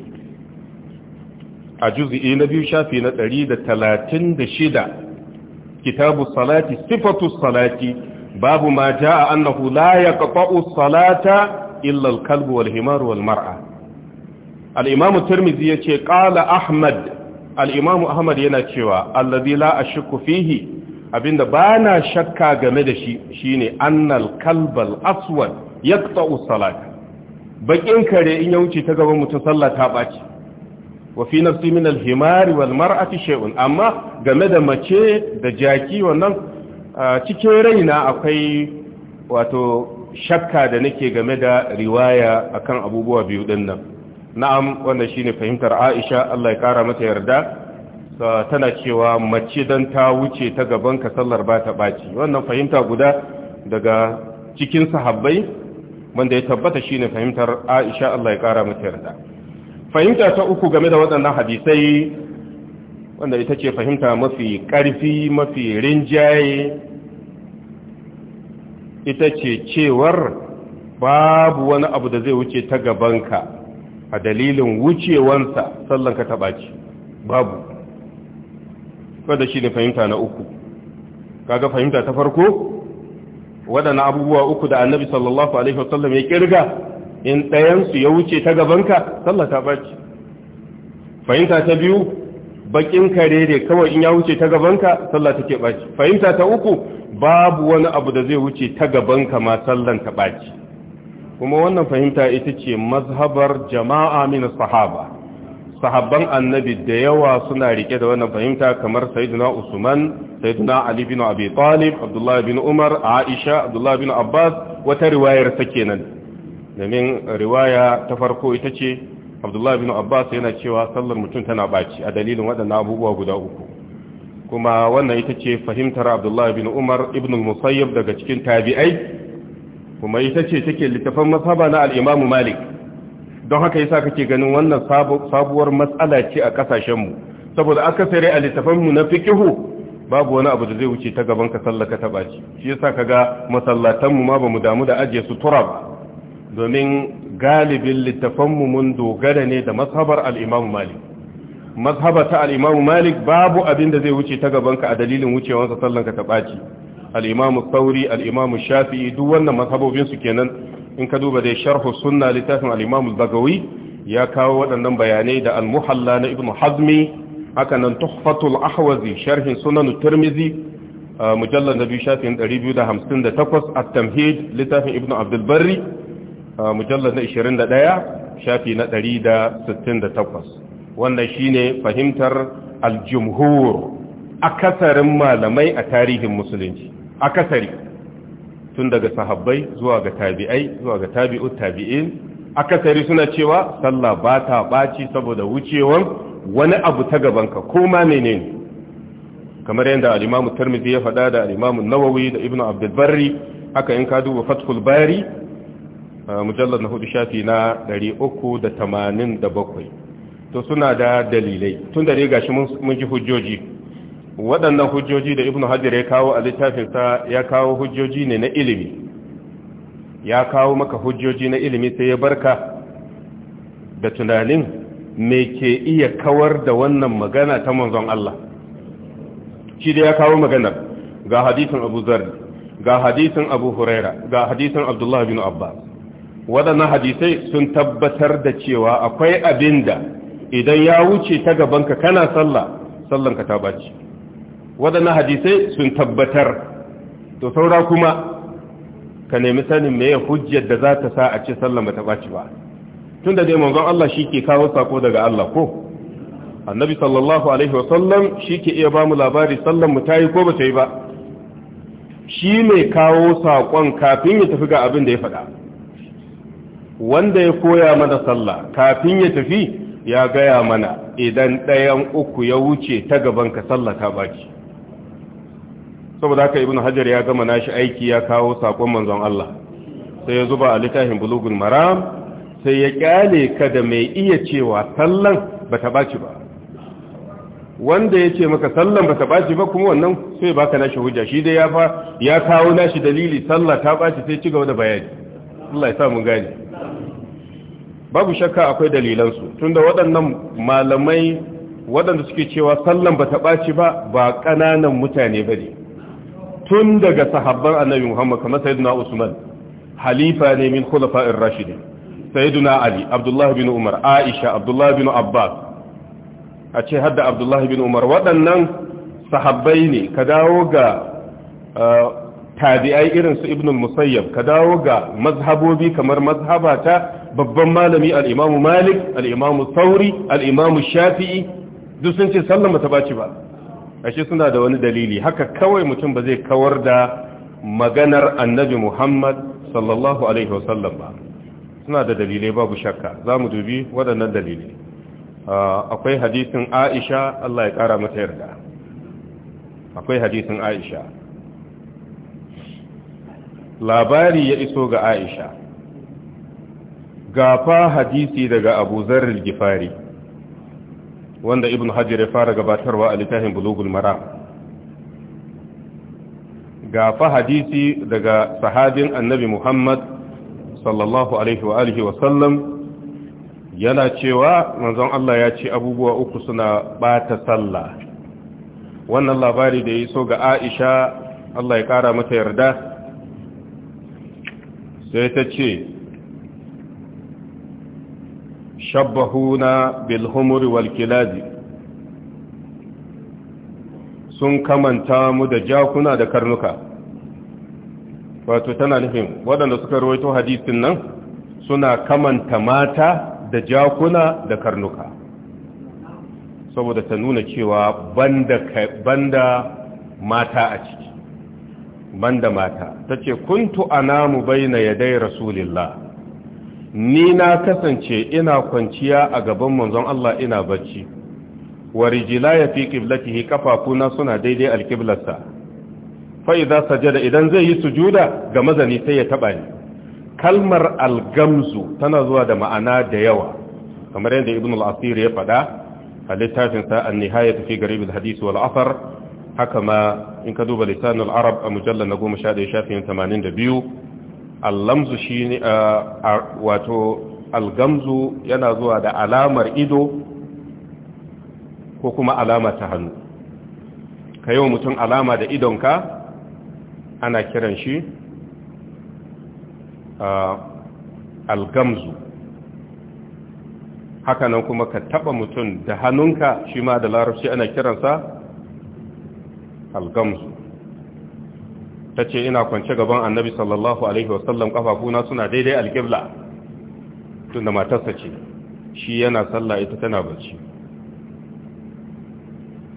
a juz'i na biyu shafi na 136 kitabu salati sifatu salati babu ma jaa annahu la yaqta'u salata illa al-kalbu wal wal mar'a al-imam tirmidhi yace qala ahmad al'imamu ahmad yana cewa allazi la a shakku fihi abinda ba na shakka game da shi shine annal kalbal aswad ya ta'u, salata bakin kare in ya wuce ta gaban mutum sallah ta ɓaci Wafi na nafsi min wal mar'ati She'un, amma game da mace da jaki wannan cikin raina akwai wato shakka da nake game da riwaya akan abubuwa biyu ɗin nan na'am wanda shine fahimtar Aisha Allah ya kara mata yarda tana cewa mace dan ta wuce ta gaban ka sallar ba ta baci wannan fahimta guda daga cikin sahabbai wanda ya tabbata shine fahimtar Aisha Allah ya kara mata yarda fahimta ta uku game da waɗannan hadisai wanda ita ce fahimta mafi ƙarfi mafi rinjaye ita ce cewar babu wani abu da zai wuce ta gabanka a dalilin wucewansa sallan ka taba ci babu wadda shi ne fahimta na uku kaga fahimta ta farko waɗannan abubuwa uku da annabi sallallahu alaihi wasallam ya kirga in ɗayansu ya wuce ta gabanka sallan ta ɓaci fahimta ta biyu bakin kare ne kawai in ya wuce ta gabanka sallah take ɓaci fahimta ta uku babu wani abu da zai wuce ta gabanka ma sallan ta ɓaci kuma wannan fahimta ita ce mazhabar jama'a min sahaba sahabban annabi da yawa suna rike da wannan fahimta kamar sayyidina usman sayyidina ali bin abi talib abdullahi bin umar aisha abdullahi bin abbas wata riwayar ta kenan domin riwaya ta farko ita ce abdullahi bin abbas yana cewa sallar mutum tana baci a dalilin waɗannan abubuwa guda uku kuma wannan ita ce fahimtar abdullahi bin umar ibn musayyab daga cikin tabi'ai kuma ita ce take littafin masaba na al'imamu malik don haka yasa kake ganin wannan sabuwar matsala ce a kasashenmu saboda aka akasari a littafanmu na fikihu babu wani abu da zai wuce ta gaban ka sallaka ta baci shi yasa kaga masallatanmu ma bamu damu da ajiye tura ba domin galibin littafanmu mun dogara ne da mazhabar al-Imam Malik mazhabata al-Imam Malik babu abin da zai wuce ta gaban ka a dalilin wucewansa sallanka ta baci al-imamu sauri al-imamu shafi'i duk wannan mazhabobin su kenan in ka duba dai sharhu suna littafin al-imamu ya kawo waɗannan bayanai da al-muhalla na ibnu hazmi haka nan tuhfatul ahwazi sharhin sunan tirmizi mujallal nabi shafin 258 at-tamhid littafin ibnu abdul barri mujallal na 21 shafi na 168 wannan shine fahimtar al-jumhur akasarin malamai a tarihin musulunci akasari tun daga sahabbai zuwa ga tabi'ai zuwa ga tabi'ut tabi'in akasari suna cewa sallah ba ta baci saboda wucewan wani abu ta gabanka ko ma menene kamar yadda al-Imam ya faɗa da al-Imam Nawawi da Ibnu Abdul Barri haka in ka duba Fathul Bari mujallar na hudu shafi na 387 to suna da dalilai tun da ne gashi mun ji hujjoji waɗannan hujjoji da Ibn hajar ya kawo a littafinsa ya kawo hujjoji ne na ilimi ya kawo maka hujjoji na ilimi sai ya barka da tunanin me ke iya kawar da wannan magana ta manzon Allah shi da ya kawo maganar ga hadisin abu zarri ga hadisin abu huraira ga hadisin abdullahi bin Abba, waɗannan hadisai sun tabbatar da cewa akwai abinda idan ya wuce ta gabanka kana sallah sallanka ta baci waɗannan hadisai sun tabbatar to saura kuma ka nemi sanin meye hujjar da za ta sa a ce sallama ta ɓaci ba tun da dai manzon Allah shi ke kawo sako daga Allah ko annabi sallallahu alaihi wasallam shi ke iya ba mu labari sallan mu ta yi ko ba ta yi ba shi mai kawo sakon kafin ya tafi ga abin da ya faɗa wanda ya koya mana sallah kafin ya tafi ya gaya mana idan ɗayan uku ya wuce ta gaban ka sallah ta baki saboda haka ibn hajar ya gama nashi aiki ya kawo sakon manzon Allah sai ya zuba a littafin bulugul maram sai ya kyale ka da mai iya cewa sallan bata baci ba wanda ya ce maka sallan bata baci ba kuma wannan sai baka nashi hujja shi dai ya fa ya kawo nashi dalili sallah ta baci sai ci gaba da bayani Allah ya sa mun gane babu shakka akwai dalilansu tunda waɗannan malamai waɗanda suke cewa sallan bata baci ba ba ƙananan mutane bane tun daga sahabban annabi Muhammad kamar sayyidina Usman halifa ne min khulafa'ir rashidin sayyidina Ali Abdullah bin Umar Aisha Abdullah bin Abbas a ce hadda Abdullah bin Umar waɗannan sahabbai ne ka dawo ga uh, tabi'ai irin su Ibn Musayyab ka dawo ga mazhabobi kamar mazhabata babban malami al-Imam Malik al-Imam Sauri al-Imam Shafi'i duk sun ce sallama ta baci ba ashe suna da wani dalili haka kawai mutum ba zai kawar da maganar annabi Muhammad sallallahu alaihi wasallam ba suna da dalilai babu shakka za mu dubi waɗannan dalilai ah, akwai hadisin Aisha Allah ya ƙara mata yarda akwai hadisin Aisha labari ya iso ga Aisha gafa hadisi daga Abu zarar Gifari wanda ibn hajar ya fara gabatarwa a littafin bulugul maram ga fa hadisi daga sahabin annabi muhammad sallallahu alaihi wa alihi wa sallam yana cewa manzon Allah ya ce abubuwa uku suna bata sallah wannan labari da ya so ga Aisha Allah ya kara mata yarda sai ta ce Shabbahu na humuri sun kamanta mu da jakuna da karnuka wato tana nufin waɗanda suka rawaito hadisin nan suna kamanta mata da jakuna da karnuka saboda ta nuna cewa banda mata a ciki banda mata ta ce kuntu anamu bayna yadai rasulillah ni na kasance ina kwanciya a gaban manzon Allah ina bacci wa ya fi qiblatihi kafafuna suna daidai alkiblarsa fa idza sajada idan zai yi sujuda ga mazani sai ya taba ni kalmar algamzu tana zuwa da ma'ana da yawa kamar yadda ibn al-asir ya faɗa a littafin sa an-nihayat fi garib al-hadith wal athar haka ma in ka duba lisan al-arab a mujallal na 11 shafin 82 allamzu shi ne wato algamzu yana zuwa da alamar ido ko kuma alama ta hannu ka yi wa mutum alama da idonka ana kiran shi algamzu hakanan kuma ka taba mutum da hannunka shi ma da larabci ana kiransa algamzu ta ce ina kwance gaban annabi sallallahu alaihi wasallam kafafuna suna daidai alƙibla tunda matarsa ce shi yana sallah ita tana bacci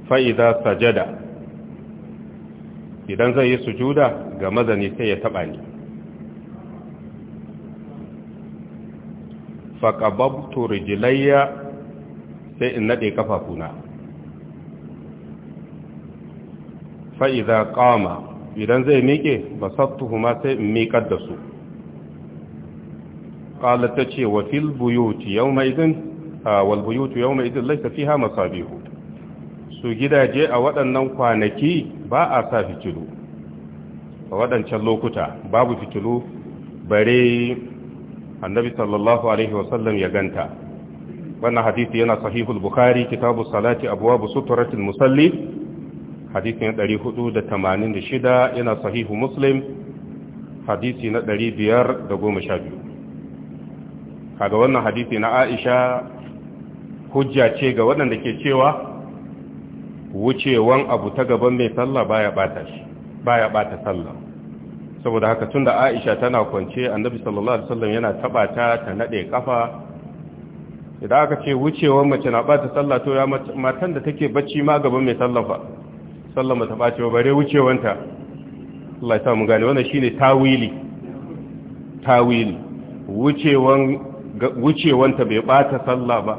fa'iza sajada idan zai yi sujuda ga mazani sai ya taɓa ni faƙababtu rijilayya sai in naɗe kafafuna fa'iza ƙama idan zai miƙe ba sattuhu ma sai in miƙar da su ƙala ta ce wa fil buyuti yau mai zin wal buyuti yau mai zin laisa fi hama sabihu su gidaje a waɗannan kwanaki ba a sa fitilu a waɗancan lokuta babu fitilu bare annabi sallallahu alaihi wasallam ya ganta wannan hadisi yana sahihul bukhari kitabu salati abwabu suturatul musalli hadisi na 486 yana sahihu muslim hadisi na 512 kaga wannan hadisi na aisha hujja ce ga waɗanda ke cewa wucewan abu ta gaban mai sallah baya bata shi baya bata sallah saboda haka tunda aisha tana kwance annabi sallallahu alaihi wasallam yana taba ta ta nade kafa idan aka ce wucewan mace na bata sallah to ya matan da take bacci ma gaban mai sallah fa sallama ta ɓace ba bare wucewanta Allah ya mu gane wannan shine tawili tawili wucewan wucewanta bai bata sallah ba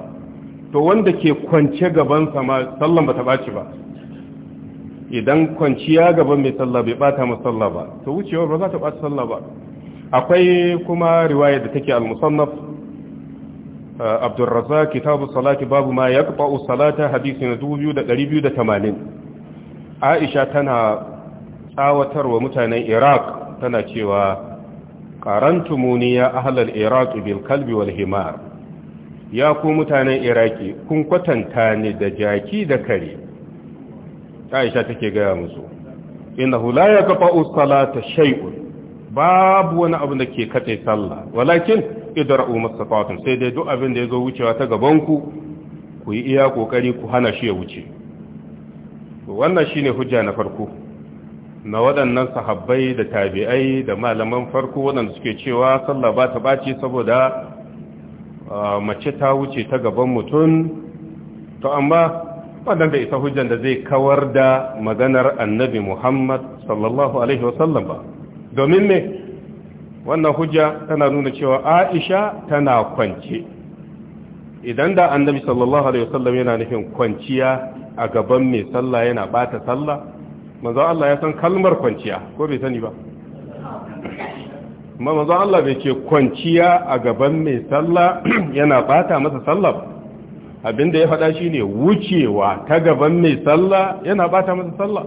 to wanda ke kwance gaban sa ma sallan bata ɓace ba idan kwanciya gaban mai sallah bai bata masa sallah ba to wucewar ba za ta bata sallah ba akwai kuma riwaya da take al-musannaf eh, Abdul Razzaq kitabu salati babu ma yaqta'u salata hadisi na 2280 aisha tana tsawatarwa mutanen iraq tana cewa muni ya ahlal iraq bil kalbi wal himar ya ku mutanen iraki kun kwatanta ni da jaki da kare aisha take gaya musu ya la yaqfa'u ta shay'un babu wani abu da ke katse sallah walakin idra'u masafatun sai dai duk abin da yazo wucewa ta gabanku ku ku yi iya kokari ku hana shi ya wuce wannan shine hujja na farko na waɗannan sahabbai da tabi'ai da malaman farko waɗanda suke cewa sallah ba ta ɓaci saboda mace ta wuce ta gaban mutum to amma wannan bai isa hujjan da zai kawar da maganar annabi muhammad sallallahu alaihi wasallam ba domin ne wannan hujja tana nuna cewa aisha tana kwance idan da annabi sallallahu alaihi wasallam yana nufin kwanciya a gaban mai sallah yana bata sallah manzo Allah ya san kalmar kwanciya ko bai sani ba amma manzo Allah bai ce kwanciya a gaban mai sallah yana bata masa sallah abinda ya faɗa shine wucewa ta gaban mai sallah yana bata masa sallah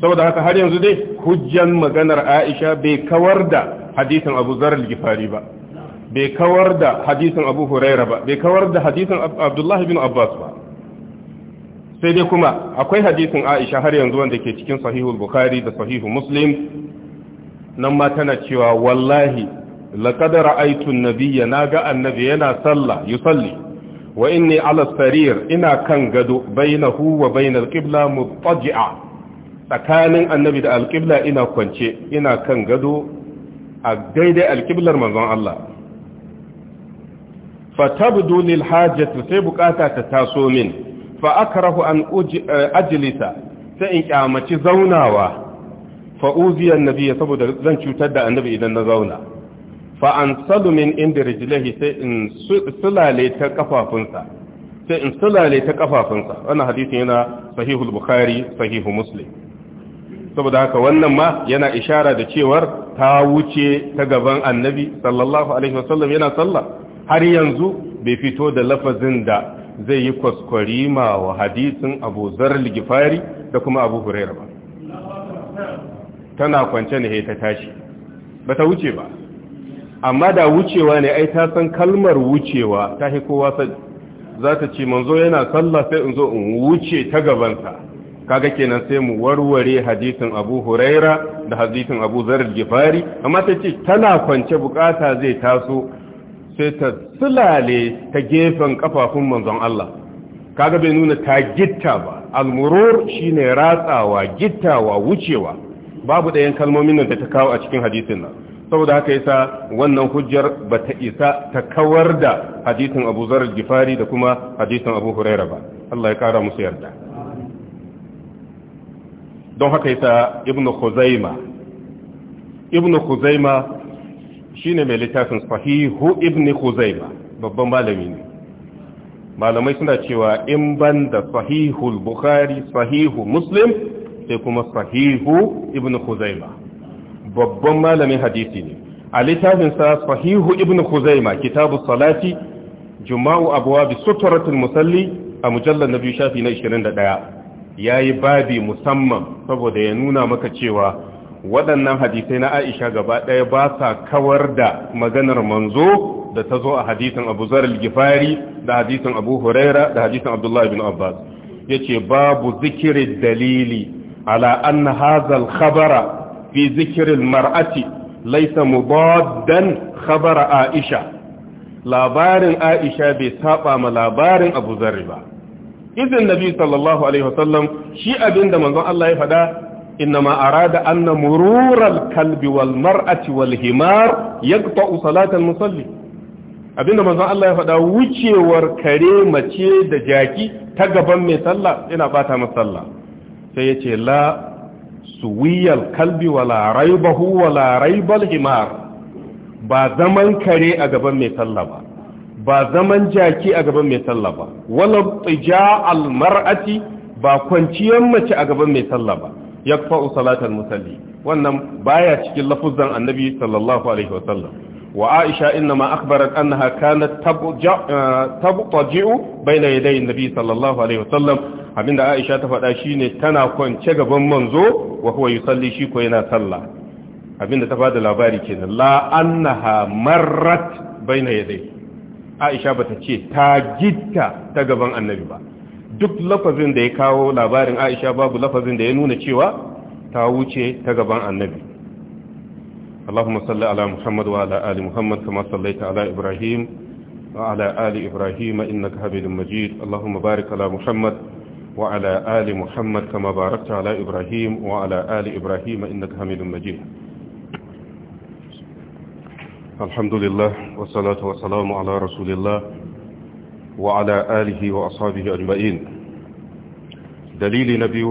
saboda haka har yanzu dai hujjan maganar Aisha bai kawar da hadisin Abu Zar al-Ghifari ba bai kawar da hadisin Abu Huraira ba bai kawar da hadisin Abdullah ibn Abbas ba sai dai kuma akwai hadisin Aisha har yanzu wanda ke cikin sahihul Bukhari da sahihu Muslim nan ma tana cewa wallahi laqad ra'aytu an-nabiyya naga annabi yana sallah yusalli wa inni ala sarir ina kan gado bainahu wa bainal qibla muttaji'a tsakanin annabi da alqibla ina kwance ina kan gado a daidai alqiblar manzon Allah fatabdu lil hajati sai bukata ta taso min fa akrahu an eh, ajlisa sai in kyamaci zaunawa fa'uziyar uziya annabi saboda zan cutar da annabi idan na zauna fa an salu min inda rijlihi sai in sulale ta kafafunsa sai in sulale ta kafafunsa wannan hadisin yana sahihul bukhari sahihu muslim saboda haka wannan ma yana ishara da cewar ta wuce ta gaban annabi sallallahu alaihi wasallam yana sallah har yanzu bai fito da lafazin da zai yi kwaskwarima wa hadisin abu zarar gifari da kuma abu hurera ba tana kwance ne ta tashi ba ta wuce ba amma da wucewa ne ai ta san kalmar wucewa ta hi kowa za ta ce manzo yana sallah sai in zo in wuce ta gabansa kaga kenan sai mu warware hadisin abu huraira da hadisin abu zarar gifari amma ta ce tana kwance bukata zai taso sai ta sulale ta gefen kafafun manzon Allah kaga bai nuna ta gitta ba almurur shine ratsawa gittawa wucewa babu ɗayan kalmomin nan da ta kawo a cikin hadisin nan saboda haka yasa wannan hujjar ba ta isa ta kawar da hadisin Abu Zar al-Gifari da kuma hadisin Abu Hurairah ba Allah ya kara musu yarda don haka yasa Ibn Khuzaima Ibn Khuzaima Shi ne mai littafin sahihu ibn khuzaima babban malami ne malamai suna cewa in ban da sahihul bukhari sahihu muslim sai kuma sahihu ibn khuzaima babban malamin hadisi ne a littafinsa sahihu ibn khuzaima kitabu salati juma'u abwabi suturatul musalli a mujallar na biyu shafi na 21 yayi babi musamman saboda ya nuna maka cewa waɗannan hadisai na aisha gaba ɗaya ba sa kawar da maganar manzo da ta zo a hadisin abu zarar gifari da hadisin abu huraira da hadisin abdullahi bin abbas ya ce babu zikirin dalili ala an hazal khabara fi zikirin mar'ati laisa mubaddan khabara aisha labarin aisha bai saba ma labarin abu zarri ba izin nabi sallallahu alaihi wasallam shi abinda manzon Allah ya faɗa إنما أراد أن مرور الكلب والمرأة والهمار يقطع صلاة المصلي abinda manzon Allah ya faɗa wucewar kare mace da jaki ta gaban mai sallah yana bata masa sallah sai ya ce la suwiyal kalbi wala raibahu wala raibal himar ba zaman kare a gaban mai sallah ba ba zaman jaki a gaban mai sallah ba wala tija'al mar'ati ba kwanciyar mace a gaban mai sallah ba yakfa'u salatal musalli wannan baya cikin lafuzan annabi sallallahu alaihi wasallam wa aisha innama akhbarat annaha kanat eh, tabtaji'u baina yaday annabi sallallahu alaihi wasallam abinda aisha ta faɗa shine tana kwance gaban manzo wa huwa yusalli shi ko yana sallah abinda ta bada labari kenan la annaha marrat baina yaday aisha bata ce ta gitta ta gaban annabi ba duk lafazin da ya kawo labarin aisha babu lafazin da ya nuna cewa ta wuce ta gaban annabi allahumma salli ala muhammad wa ali muhammad kama sallaita ala ibrahim wa ali ibrahim innaka hamidum majid allahumma barik ala muhammad wa ali muhammad kama barakta ala ibrahim wa ali ibrahim innaka hamidum majid alhamdulillah wassalatu wassalamu ala rasulillah وعلى آله وأصحابه أجمعين دليل نبي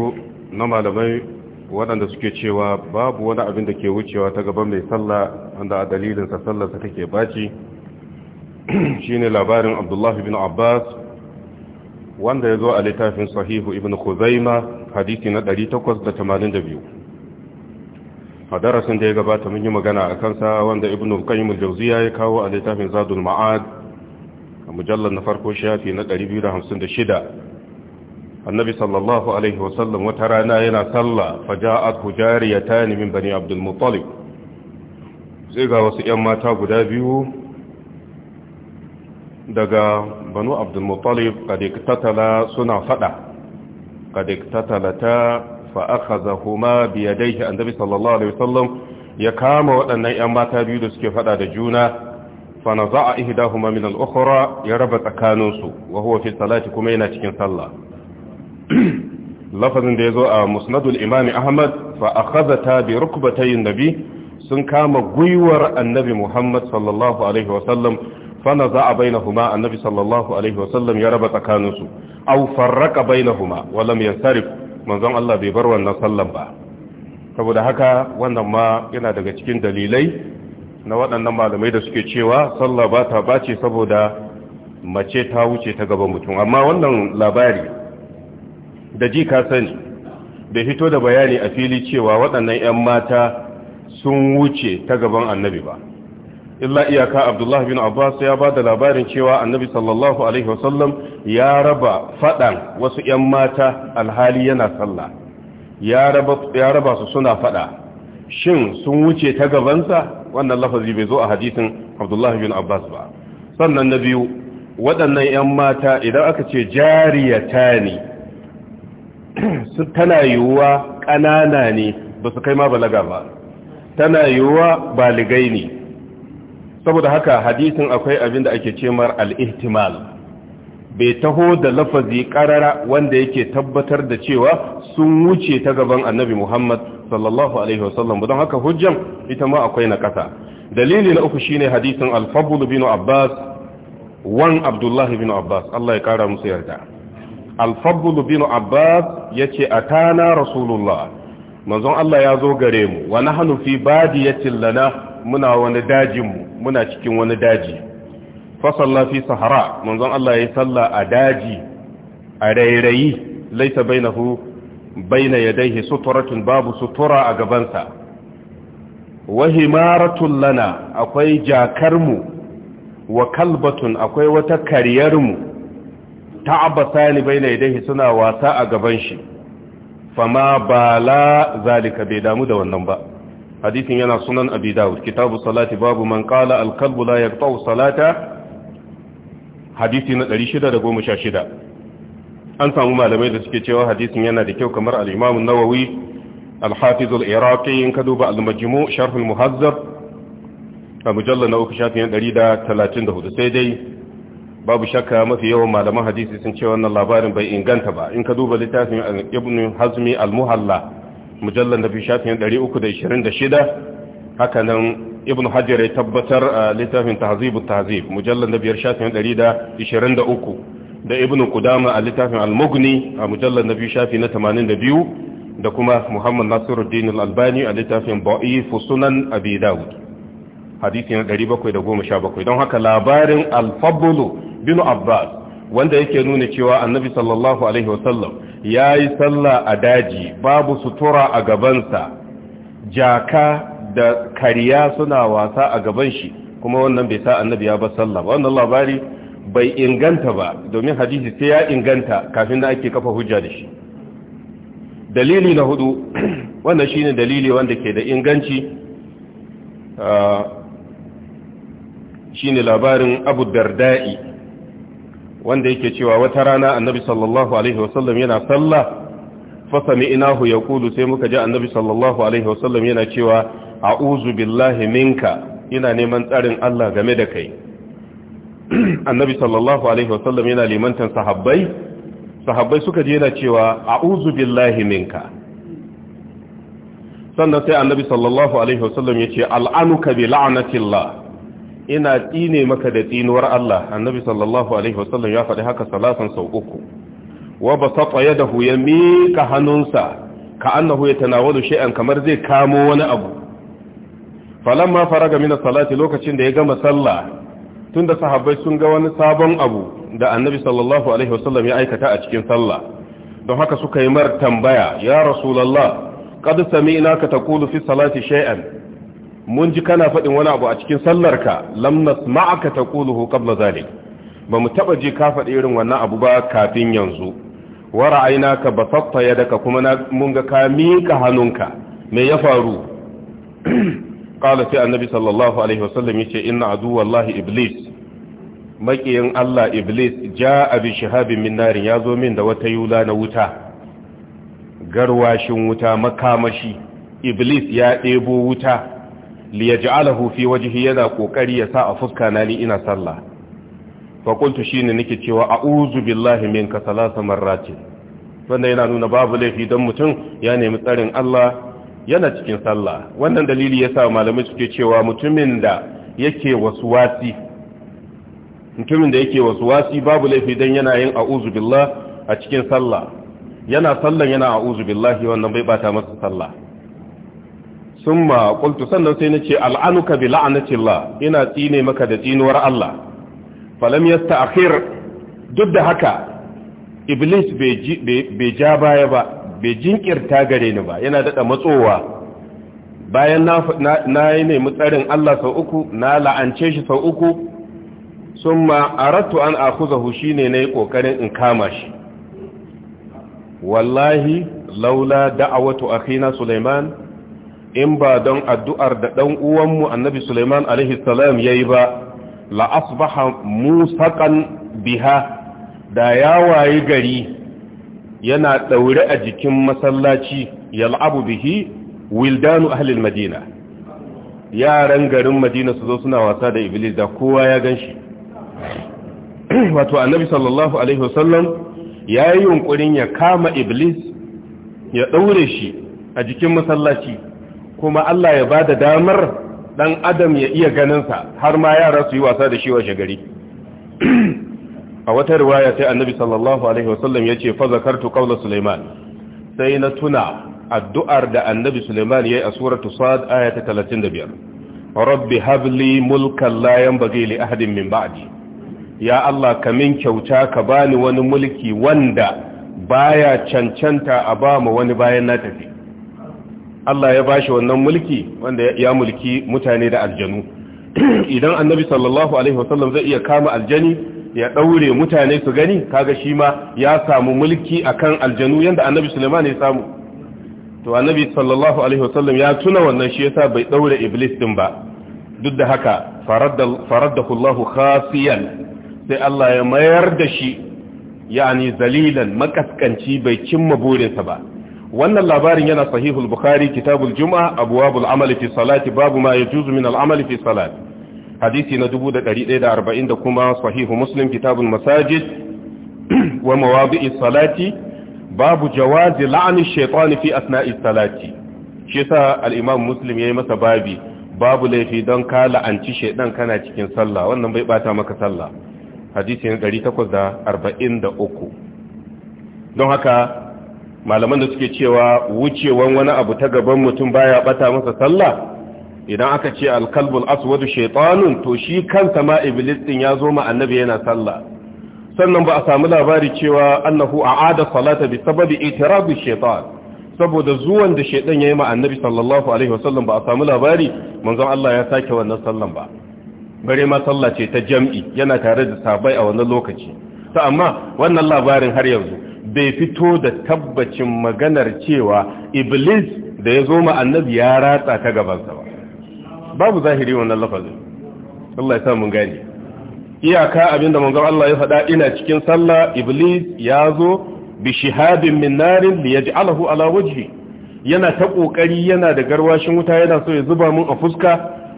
نما لمي waɗanda suke cewa babu wani abin da ke wucewa ta gaban mai sallah wanda a dalilinsa sallarsa take baci shine labarin abdullahi bin abbas wanda ya zo a littafin sahihu ibn khuzaima hadisi na 882 a darasin da ya gabata mun yi magana a kansa wanda ibn qayyim al-jawziya ya kawo a littafin zadul ma'ad a mujallar na farko shafi na 256 annabi sallallahu alaihi wasallam wata rana yana sallah faja'at hujariyatan min bani abdul muttalib sai ga wasu ƴan mata guda biyu daga banu abdul muttalib kadiktatala suna fada kadiktatalata fa akhazahuma bi yadayhi annabi sallallahu alaihi wasallam ya kama waɗannan ƴan mata biyu da suke fada da juna فنزع إهداهما من الأخرى يربط كانوس وهو في الصلاة كمينة كن صلى لفظ ديزو مسند الإمام أحمد فأخذتا بركبتي النبي سنكام قيور النبي محمد صلى الله عليه وسلم فنزع بينهما النبي صلى الله عليه وسلم يربط كانوس أو فرق بينهما ولم ينصرف من ظن الله ببروا النصلم با saboda haka wannan ma yana daga cikin dalilai na waɗannan malamai da suke cewa sallah ba ta bace saboda mace ta wuce ta gaban mutum amma wannan labari da ji ka sani da hito da bayani a fili cewa waɗannan 'yan mata sun wuce ta gaban annabi ba illa iyaka abdullahi bin abbas ya ba da labarin cewa annabi sallallahu alaihi wasallam ya raba faɗan wasu 'yan mata alhali yana sallah ya raba su suna faɗa shin sun wuce ta gabansa wannan lafazi bai zo a hadisin abdullahi bin abbas ba sannan na biyu waɗannan 'yan mata idan aka ce jariyata ne tana yiwuwa ƙanana ne ba su kai ma balaga ba tana yiwuwa baligai ne saboda haka hadisin akwai abin da ake cemar al-ihtimal bai taho da lafazi karara wanda yake tabbatar da cewa sun wuce ta gaban annabi Muhammad sallallahu alaihi wasallam don haka hujjan ita ma akwai na dalili na uku shine hadisin al-fadl bin Abbas wan abdullahi bin Abbas Allah ya kara musu yarda al bin Abbas a tana rasulullah manzon Allah ya zo gare mu wa nahnu fi badiyatin lana muna wani dajinmu muna cikin wani daji fasalla fi sahara manzon Allah ya yi sallah a daji a rairayi laita bainahu baina yadayhi suturatun babu sutura a gabansa wa himaratun lana akwai jakarmu wa kalbatun akwai wata kariyarmu ta'abasani baina yadayhi suna wasa a gaban shi fama bala zalika bai damu da wannan ba hadisin yana sunan abi dawud kitabu salati babu man qala al-kalbu la yaqta'u salata hadisi na 616 an samu malamai da suke cewa hadisin yana da kyau kamar al-Imam an-Nawawi al-Hafiz al-Iraqi in ka duba al-Majmu' sharh al-Muhazzab a mujallal na 334 sai dai babu shakka mafi yawan malaman hadisi sun ce wannan labarin bai inganta ba in ka duba littafin Ibn Hazmi al-Muhalla mujallal na 326 haka nan ibn hajar ya tabbatar a littafin tahzibu tahzib mujallar na biyar shafin 123 da ibn kudama a littafin al-mughni a mujallar na biyu shafi na 82 da kuma muhammad nasiruddin al-albani a littafin ba'ifu Fusunan abi dawud hadisi na 717 don haka labarin al-fadl bin abbas wanda yake nuna cewa annabi sallallahu alaihi wasallam yi sallah a daji babu sutura a gabansa jaka da kariya suna wasa a gaban shi kuma wannan bai sa annabi ya bar sallah ba wannan labari bai inganta ba domin hadisi sai ya inganta kafin da ake kafa hujja da shi dalili na hudu wannan shine dalili wanda ke da inganci shine labarin Abu Darda'i wanda yake cewa wata rana annabi sallallahu alaihi wasallam yana sallah fa ya yaqulu sai muka ji annabi sallallahu alaihi wasallam yana cewa a'uzu billahi minka ina neman tsarin Allah game da kai annabi sallallahu alaihi wasallam yana limantan sahabbai sahabbai suka je yana cewa a'uzu billahi minka sannan sai annabi sallallahu alaihi wasallam yace al'anuka bi la'natillah ina tsine maka da tsinuwar Allah annabi sallallahu alaihi wasallam ya faɗi haka salasan sau uku wa basata yadahu ya mika hannunsa ka annahu yatanawalu shay'an kamar zai kamo wani abu ma faraga min salati lokacin da ya gama sallah tunda sahabbai sun ga wani sabon abu da annabi sallallahu alaihi wasallam ya aikata a cikin sallah don haka suka yi mar tambaya ya rasulallah qad sami'na ka taqulu fi salati shay'an mun ji kana faɗin wani abu a cikin sallarka lam nasma'aka taquluhu qabla zalik ba mu taba ji ka faɗi irin wannan abu ba kafin yanzu wa ra'aynaka basatta yadaka kuma mun ga ka miƙa hannunka me ya faru qala annabi sallallahu alaihi wasallam yace inna aduwallahi iblis makiyin Allah iblis ja bi shihabin min narin yazo min da wata yula na wuta garwashin wuta makamashi iblis ya ɗebo wuta liyaj'alahu fi wajhi yana kokari ya sa a fuska na ni ina sallah fa qultu shine nake cewa a'udhu billahi minka salasa marratin yana nuna babu laifi don mutum ya nemi tsarin Allah yana cikin sallah wannan dalili yasa malamai suke cewa mutumin da yake wasuwasi mutumin da yake wasuwasi babu laifi dan yana yin a'udhu billah a cikin sallah yana sallan yana a'udhu billahi wannan bai bata masa sallah summa qultu sannan sai nace al'anuka bi la'nati ina tsine maka da tsinuwar Allah falam yasta'khir duk da haka iblis bai ja baya ba bai jinkirta gare ni ba yana daɗa matsowa bayan na yi nemi tsarin Allah sau uku na la'ance shi sau uku sun ma a ratu an akuzahu shi ne na yi ƙoƙarin in kama shi wallahi laula da'awatu akhina Suleiman, in ba don addu'ar da ɗan uwanmu annabi Suleiman alaihi ya yi ba la musaƙan biha da ya wayi gari yana ɗaure a jikin masallaci yal'abu bihi wildanu ahlil madina yaran garin madina su zo suna wasa da iblis da kowa ya ganshi. wato annabi sallallahu alaihi wasallam ya yunkurin ya kama iblis ya ɗaure shi a jikin masallaci kuma Allah ya ba da damar dan adam ya iya ganinsa har ma yara su yi wasa da shi washe gari a wata riwaya sai annabi sallallahu alaihi wasallam ya ce fazakartu qawla Suleiman sai na tuna addu'ar da annabi sulaiman yi a suratu sad aya ta 35 rabbi habli mulkan layan yanbaghi li ahadin min ba'di ya allah kamin kyauta ka bani wani mulki wanda baya cancanta a ba mu wani bayan na tafi Allah ya bashi wannan mulki wanda ya mulki mutane da aljanu idan annabi sallallahu alaihi wasallam zai iya kama aljani ya ɗaure mutane su gani kaga shi ma ya samu mulki akan aljanu yanda annabi Sulaiman ya samu to annabi sallallahu alaihi wasallam ya tuna wannan shi yasa bai ɗaure iblis din ba duk da haka faraddahu Allahu khasiyan sai Allah ya mayar da shi yani zalilan makaskanci bai cimma burinsa ba wannan labarin yana sahihul bukhari kitabul juma'a abwabul amali fi salati babu ma yajuzu min al amali fi salati hadisi na 1140 da da arba'in kuma sahihu muslim kitabun masajid wa mawadi'is salati babu jawazi la'ani shaytan fi asna'i salati shi yasa al-imam muslim yayi masa babi babu laifi don ka la'anci shaytan kana cikin sallah wannan bai bata maka sallah hadisi na 843 don haka malaman da suke cewa wucewan wani abu ta gaban mutum baya bata masa sallah idan aka ce alkalbul aswadu shaitanun to shi kansa ma iblis din ya zo ma annabi yana sallah sannan ba a samu labari cewa annahu a'ada salata bi sababi itirabu shaitan saboda zuwan da shaitan yi ma annabi sallallahu alaihi wasallam ba a samu labari manzon Allah ya sake wannan sallan ba bare ma sallah ce ta jam'i yana tare da sabai a wannan lokaci ta amma wannan labarin har yanzu bai fito da tabbacin maganar cewa iblis da ya zo ma annabi ya ratsa ta gabansa ba babu zahiri wannan lafazin Allah ya sa mun gane iyaka abinda manzon Allah ya faɗa ina cikin sallah iblis ya zo bi shihabin min narin li yaj'alahu ala wajhi yana ta kokari yana da garwashin wuta yana so ya zuba mun a fuska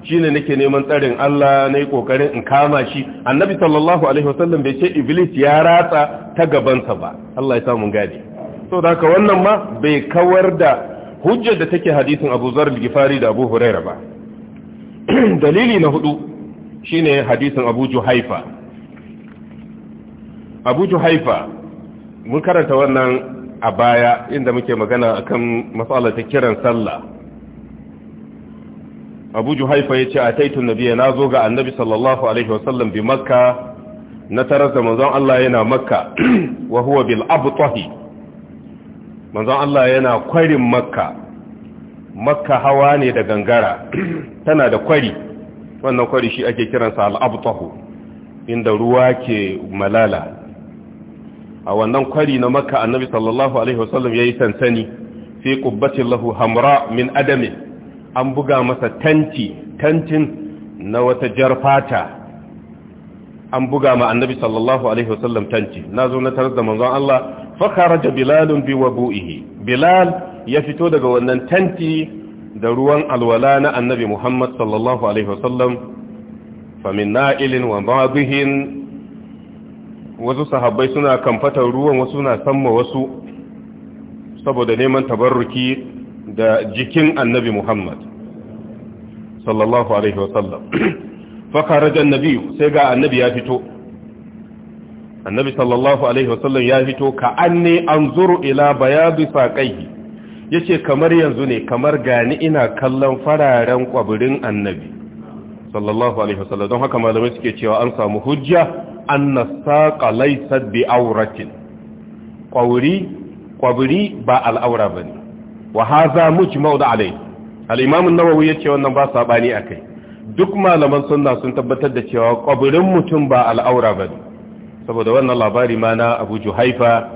shine nake neman tsarin Allah nayi kokarin in kama shi annabi sallallahu alaihi wasallam bai ce iblis ya ratsa ta gabansa ba Allah ya sa mun gane so da wannan ma bai kawar da hujjar da take hadisin Abu Zar al-Ghifari da Abu Hurairah ba dalili na hudu shine hadisin Abu Juhaifa Abu Juhaifa mun karanta wannan a baya inda muke magana akan matsalar ta kiran sallah Abu Juhaifa ya ce a na ataitu na nazo ga annabi sallallahu alaihi wasallam bi makka na tarar manzon Allah yana makka wa huwa bil abtahi manzon Allah yana kwarin makka makka hawa ne da gangara tana da kwari wannan kwari shi ake kiransa al'abtahu inda ruwa ke malala a wannan kwari na makka annabi sallallahu alaihi wasallam ya yi sansani fi kubbatin lahu hamra min adami an buga masa tanti tantin na wata jar fata an buga ma annabi sallallahu alaihi wasallam tanti na zo na tarar da manzon Allah fa kharaja bilalun bi wabu'ihi bilal ya fito daga wannan tanti da ruwan alwala na annabi Muhammad sallallahu alaihi wasallam famin na'ilin wa mazihin wasu sahabbai suna kamfatar ruwan wasu na samma wasu saboda neman tabarruki da jikin annabi Muhammad sallallahu alaihi wasallam fakarajen nabi sai ga annabi ya fito annabi sallallahu alaihi wasallam ya fito ka an zuru ila bayadi saqaihi ya ce kamar yanzu ne kamar gani ina kallon fararen kwabirin annabi sallallahu alaihi wasallam don haka malamai suke cewa an samu hujja an saqa laysa bi auratin qawri ƙwabiri ba al'aura bane wa hadha mujma'u alai al-imam an-nawawi yace wannan ba sabani akai duk malaman sunna sun tabbatar da cewa kwabirin mutum ba al'aura bane saboda wannan labari ma na Abu Juhaifa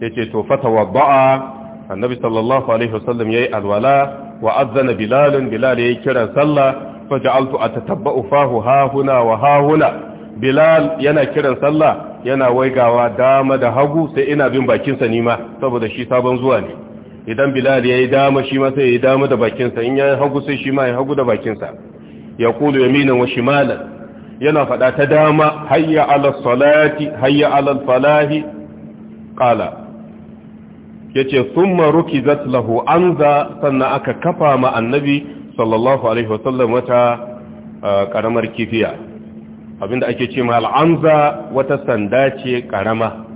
yace to ba'a annabi sallallahu alaihi wasallam yayi alwala wa azzana bilal bilal yayi kiran sallah fa ja'altu atatabba'u fahu ha huna wa ha huna bilal yana kiran sallah yana waigawa dama da hagu sai ina bin bakin sa nima saboda shi sabon zuwa ne idan bilal yayi dama shi ma sai yayi dama da bakin sa in yayi hagu sai shi ma yayi hagu da bakin sa yaqulu yaminan wa shimalan yana fada ta dama hayya ala salati hayya ala falahi qala yace thumma rukizat lahu anza sannan aka kafa ma annabi sallallahu alaihi wasallam wata karamar uh, kifiya abinda ake ce ma al'anza wata sanda ce karama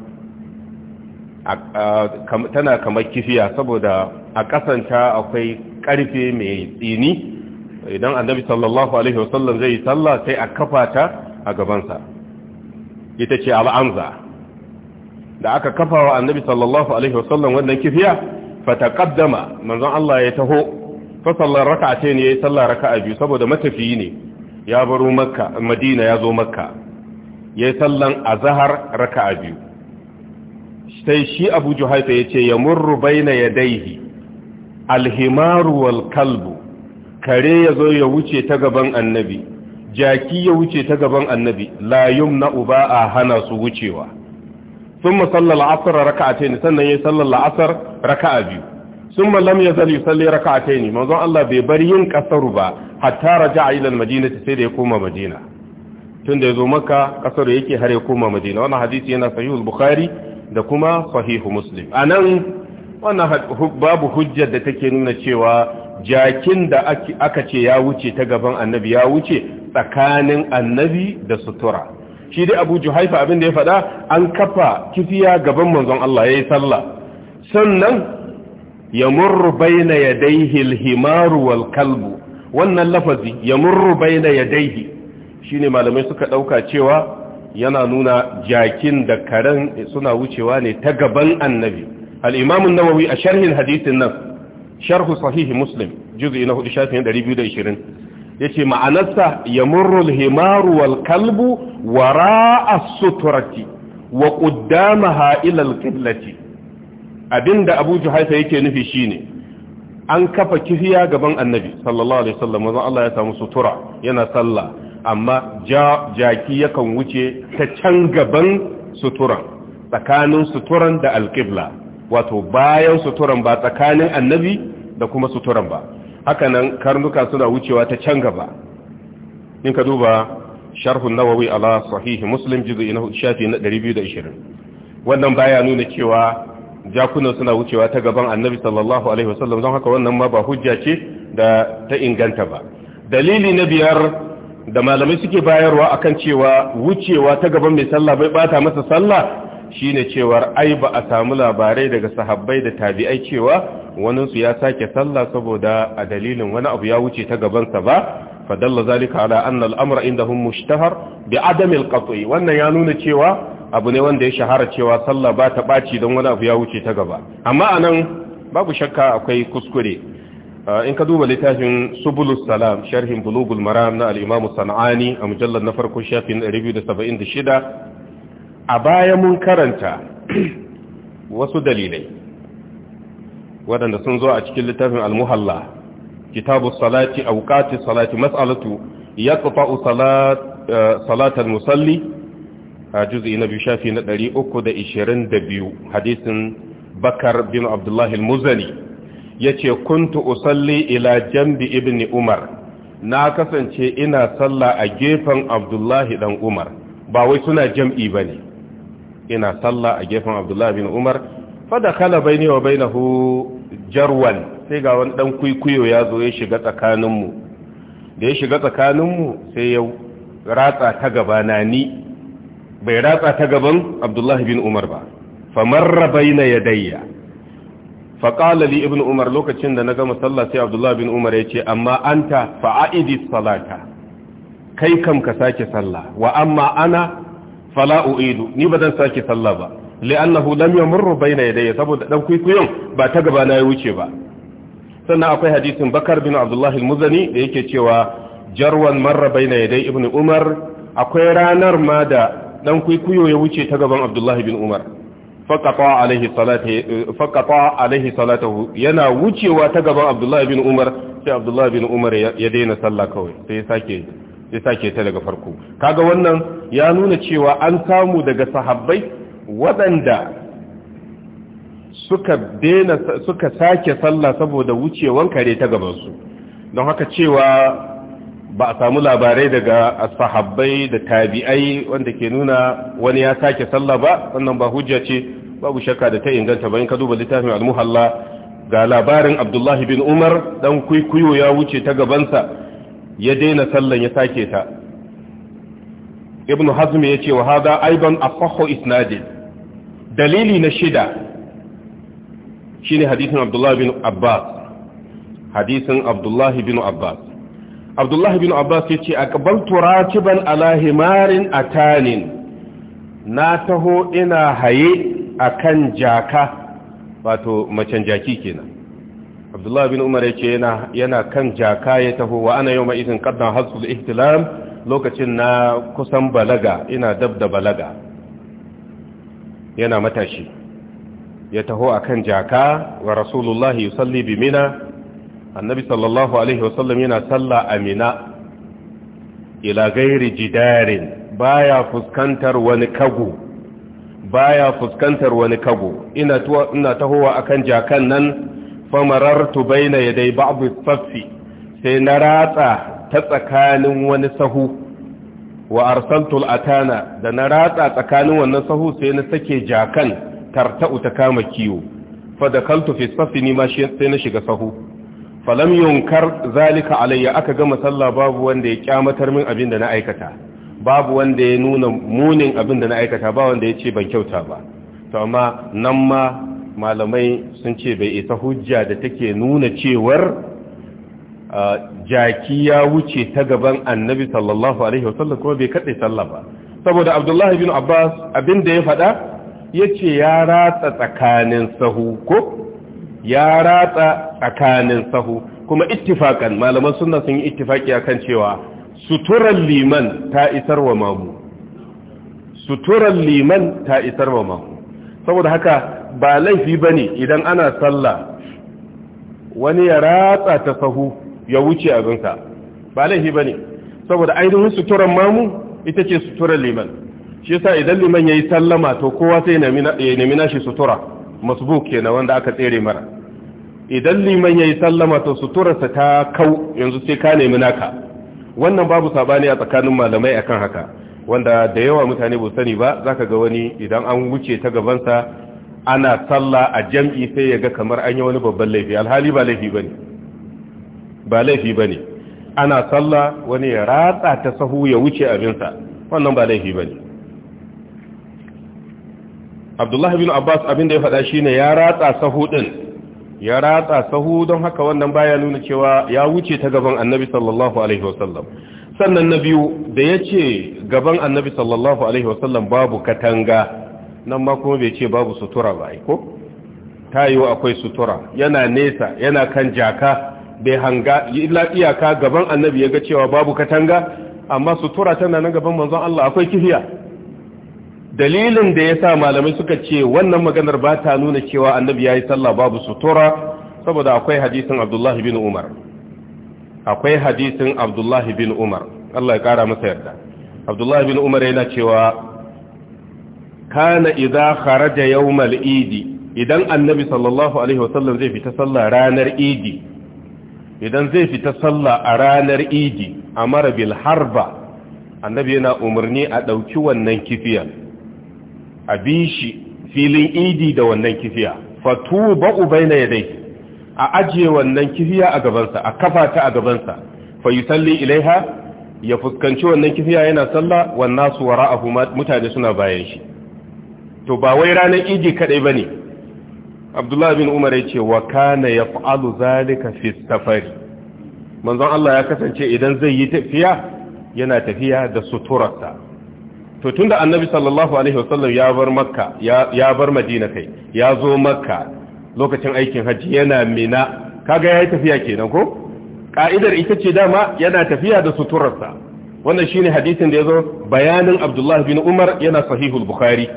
uh, tana kamar kifiya saboda a kasanta akwai karfe mai tsini idan annabi sallallahu alaihi wasallam zai yi sallah sai a kafa ta a gabansa ita ce al'anza da aka kafa wa annabi sallallahu alaihi wasallam wannan kifiya fataqaddama manzon Allah ya taho fa sallar rak'atayn yayi sallar raka'a biyu saboda matafiyi ne ya baro makka madina ya zo makka yayi sallan azhar raka'a biyu sai shi Abu Juhayfa yace yamurru baina yadayhi alhimaru wal kalbu kare yazo ya wuce ta gaban annabi jaki ya wuce ta gaban annabi la yumna uba a hana su wucewa sun musallar la'asar raka'a ce ne sannan ya sallar la'asar raka'a biyu sun mallam ya zali salli raka'a ce ne manzon Allah bai bar yin kasaru ba hatta raja a ilan madina sai da ya koma madina tun da ya zo maka kasaru yake har ya koma madina wannan hadisi yana sahihul bukhari da kuma sahihu muslim a nan wannan babu hujjar da take nuna cewa jakin da aka ce ya wuce ta gaban annabi ya wuce tsakanin annabi da sutura shi dai abu juhaifa abin da ya faɗa an kafa kifiya gaban manzon Allah ya yi sallah sannan ya murru baina ya daihi alhimaru wal kalbu wannan lafazi ya murru baina ya daihi shi ne malamai suka ɗauka cewa yana nuna jakin da karen suna wucewa ne ta gaban annabi al'imamun nawawi a sharhin hadisin nan sharhu sahihi muslim juzi na hudu shafin 220 ya ce ma'anarsa yamurrul himaru wal kalbu wara'a suturati wa quddamaha ila al abinda Abu Juhayfa yake nufi shine an kafa kifiya gaban Annabi sallallahu alaihi sallam wanda Allah ya samu sutura yana sallah amma jaki yakan wuce ta can gaban suturan tsakanin suturan da alqibla wato bayan suturan ba tsakanin Annabi da kuma suturan ba haka nan karnuka suna wucewa ta can gaba in ka duba sharhun nawawi ala sahihi muslim jizu ina shafi na 220 wannan baya nuna cewa jakunan suna wucewa ta gaban annabi sallallahu alaihi wasallam don haka wannan ma ba hujja ce da ta inganta ba dalili na biyar da malamai suke bayarwa akan cewa wucewa ta gaban mai sallah bai bata masa sallah shine cewar ai ba a samu labarai daga sahabbai da tabi'ai cewa waninsu ya sake sallah saboda a dalilin wani abu ya wuce ta gabansa ba fadalla zalika ala anna al'amra indahum mushtahar bi adami al-qat'i wannan ya nuna cewa abu ne wanda ya shahara cewa sallah ba ta baci don wani abu ya wuce ta gaba amma anan babu shakka akwai kuskure uh, in ka duba littafin subulus salam sharhin bulugul maram na al-imam sanani a mujallar na farko shafin 276 a baya mun karanta wasu dalilai waɗanda sun zo a cikin littafin almuhalla kitabu salati auqati salati mas'alatu yaqfa'u salat eh, salatal musalli a juz'i na biyu shafi na 322 hadisin bakar bin abdullah al-muzani yace kuntu usalli ila jambi ibn umar na kasance ina sallah a gefen abdullahi dan umar ba wai suna jam'i bane ina sallah a gefen abdullahi bin umar fada kala ne wa bainahu jarwal sai ga wani dan kwikwiyo ya zo ya shiga tsakaninmu da ya shiga tsakaninmu sai ya ratsa ta gaba na ni bai ratsa ta gaban abdullahi bin umar ba famarra baina yadayya faƙala li ibn umar lokacin da na gama sallah sai abdullahi bin umar ya ce amma anta fa'a'idi salata kai kam ka sake sallah wa amma ana fala u'idu ni ba zan sake sallah ba li'annahu lam yamurru bayna yadayya saboda dan kuikuyon ba ta gaba na ya wuce ba sannan akwai hadisin bakar bin abdullahi al-muzani da yake cewa jarwan marra bayna yaday ibnu umar akwai ranar ma da dan kuikuyo ya wuce ta gaban abdullahi bin umar faqata alaihi salatu faqata yana wucewa ta gaban abdullahi bin umar sai abdullahi bin umar ya daina sallah kawai sai ya sake ya sake ta daga farko kaga wannan ya nuna cewa an samu daga sahabbai waɗanda suka dena suka sake sallah saboda wucewan kare ta gabansu don haka cewa ba a samu labarai daga sahabbai da tabi'ai wanda ke nuna wani ya sake sallah ba wannan ba hujja ce babu shakka da ta inganta bayan ka duba littafin al-muhalla ga labarin abdullahi bin umar dan kuikuyo ya wuce ta gabansa ya daina sallan ya sake ta ibnu hazm ya ce wa hada aiban afahu isnadin dalili na shida shine hadisin abdullahi bin abbas hadisin abdullahi bin abbas abdullahi bin abbas ya ce a kabaltu ratiban ala atanin na taho ina haye akan jaka wato macen jaki kenan abdullahi bin umar yake yana yana kan jaka ya taho wa ana yau ma'izin kaddan hasul ihtilam lokacin na kusan balaga ina dab da balaga yana matashi ya taho a kan jaka wa rasulullahi salli bi mina annabi sallallahu alaihi wasallam yana salla a mina ila gairi jidarin baya fuskantar wani kago baya fuskantar wani kago ina tahowa akan jakan nan famarartu baina yadai ba'dhu saffi sai na ratsa ta tsakanin wani sahu wa arsaltu atana da na ratsa tsakanin wannan sahu sai na sake jakan tarta'u ta kama kiwo fa dakaltu fi saffi ni ma sai na shiga sahu falam yunkar zalika alayya aka gama sallah babu wanda ya kyamatar min abin da na aikata babu wanda ya nuna munin abin da na aikata ba wanda ya ce ban kyauta ba to amma nan ma malamai sun ce bai isa hujja da take nuna cewar jaki ya wuce ta gaban annabi sallallahu alaihi wasallam kuma bai kaɗe sallah ba saboda abdullah bin abbas abin da ya faɗa ya ce ya ratsa tsakanin sahu ko ya ratsa tsakanin sahu kuma ittifakan malaman sunna sun yi ittifaki akan cewa suturar liman ta isar wa mamu suturar liman ta isar wa mamu saboda haka ba laifi ba ne idan ana sallah wani ya ratsa ta sahu ya wuce abinsa ba laifi ba ne saboda ainihin suturan mamu ita ce suturan liman shi sa idan liman ya yi sallama to kowa sai ya nemi nashi sutura masbuk kenan wanda aka tsere mara idan liman ya yi sallama to suturarsa ta kau yanzu sai ka nemi naka wannan babu sabani a tsakanin malamai akan haka wanda da yawa mutane ba sani ba zaka ga wani idan an wuce ta gabansa ana sallah a jam'i sai ya ga kamar an yi wani babban laifi alhali ba laifi bane ba laifi bane ana sallah wani ya ratsa ta sahu ya wuce abinsa wannan ba laifi bane Abdullahi bin Abbas abin da ya faɗa shine ya ratsa sahu din ya ratsa sahu don haka wannan baya nuna cewa ya wuce ta gaban Annabi sallallahu alaihi wasallam sannan na biyu da yace gaban Annabi sallallahu alaihi wasallam babu katanga nan ma kuma bai ce babu sutura ba ko ta yiwu akwai sutura yana nesa yana kan jaka bai hanga illa iyaka gaban annabi ya ga cewa babu katanga amma sutura tana nan gaban manzon Allah akwai kihiya dalilin da yasa malamai suka ce wannan maganar ba ta nuna cewa annabi yayi sallah babu sutura saboda akwai hadisin abdullahi bin umar akwai hadisin abdullahi bin umar Allah ya kara masa yarda abdullahi bin umar yana cewa kana idza kharaja yawmal idi idan annabi sallallahu alaihi wasallam zai fita sallah ranar idi idan zai fita sallah a ranar idi amara bil harba annabi yana umarni a dauki wannan kifiya a bi shi filin idi da wannan kifiya fatuba ubaina yadayhi a ajiye wannan kifiya a gabansa a kafata a gabansa fa yusalli ilaiha ya fuskanci wannan kifiya yana sallah wan nasu wara'ahu mutane suna bayan shi to ba wai ranar idi kadai ba ne abdullah bin umar ya ce wa kana ya fa'alu zalika fi safari manzon Allah ya kasance idan zai yi tafiya yana tafiya da suturarsa to tunda annabi sallallahu alaihi wasallam ya bar makka ya bar madina kai ya zo makka lokacin aikin hajji yana mina kaga yayi tafiya kenan ko ka'idar ita ce dama yana tafiya da suturarsa wannan shine hadisin da ya zo bayanin abdullah bin umar yana sahihul bukhari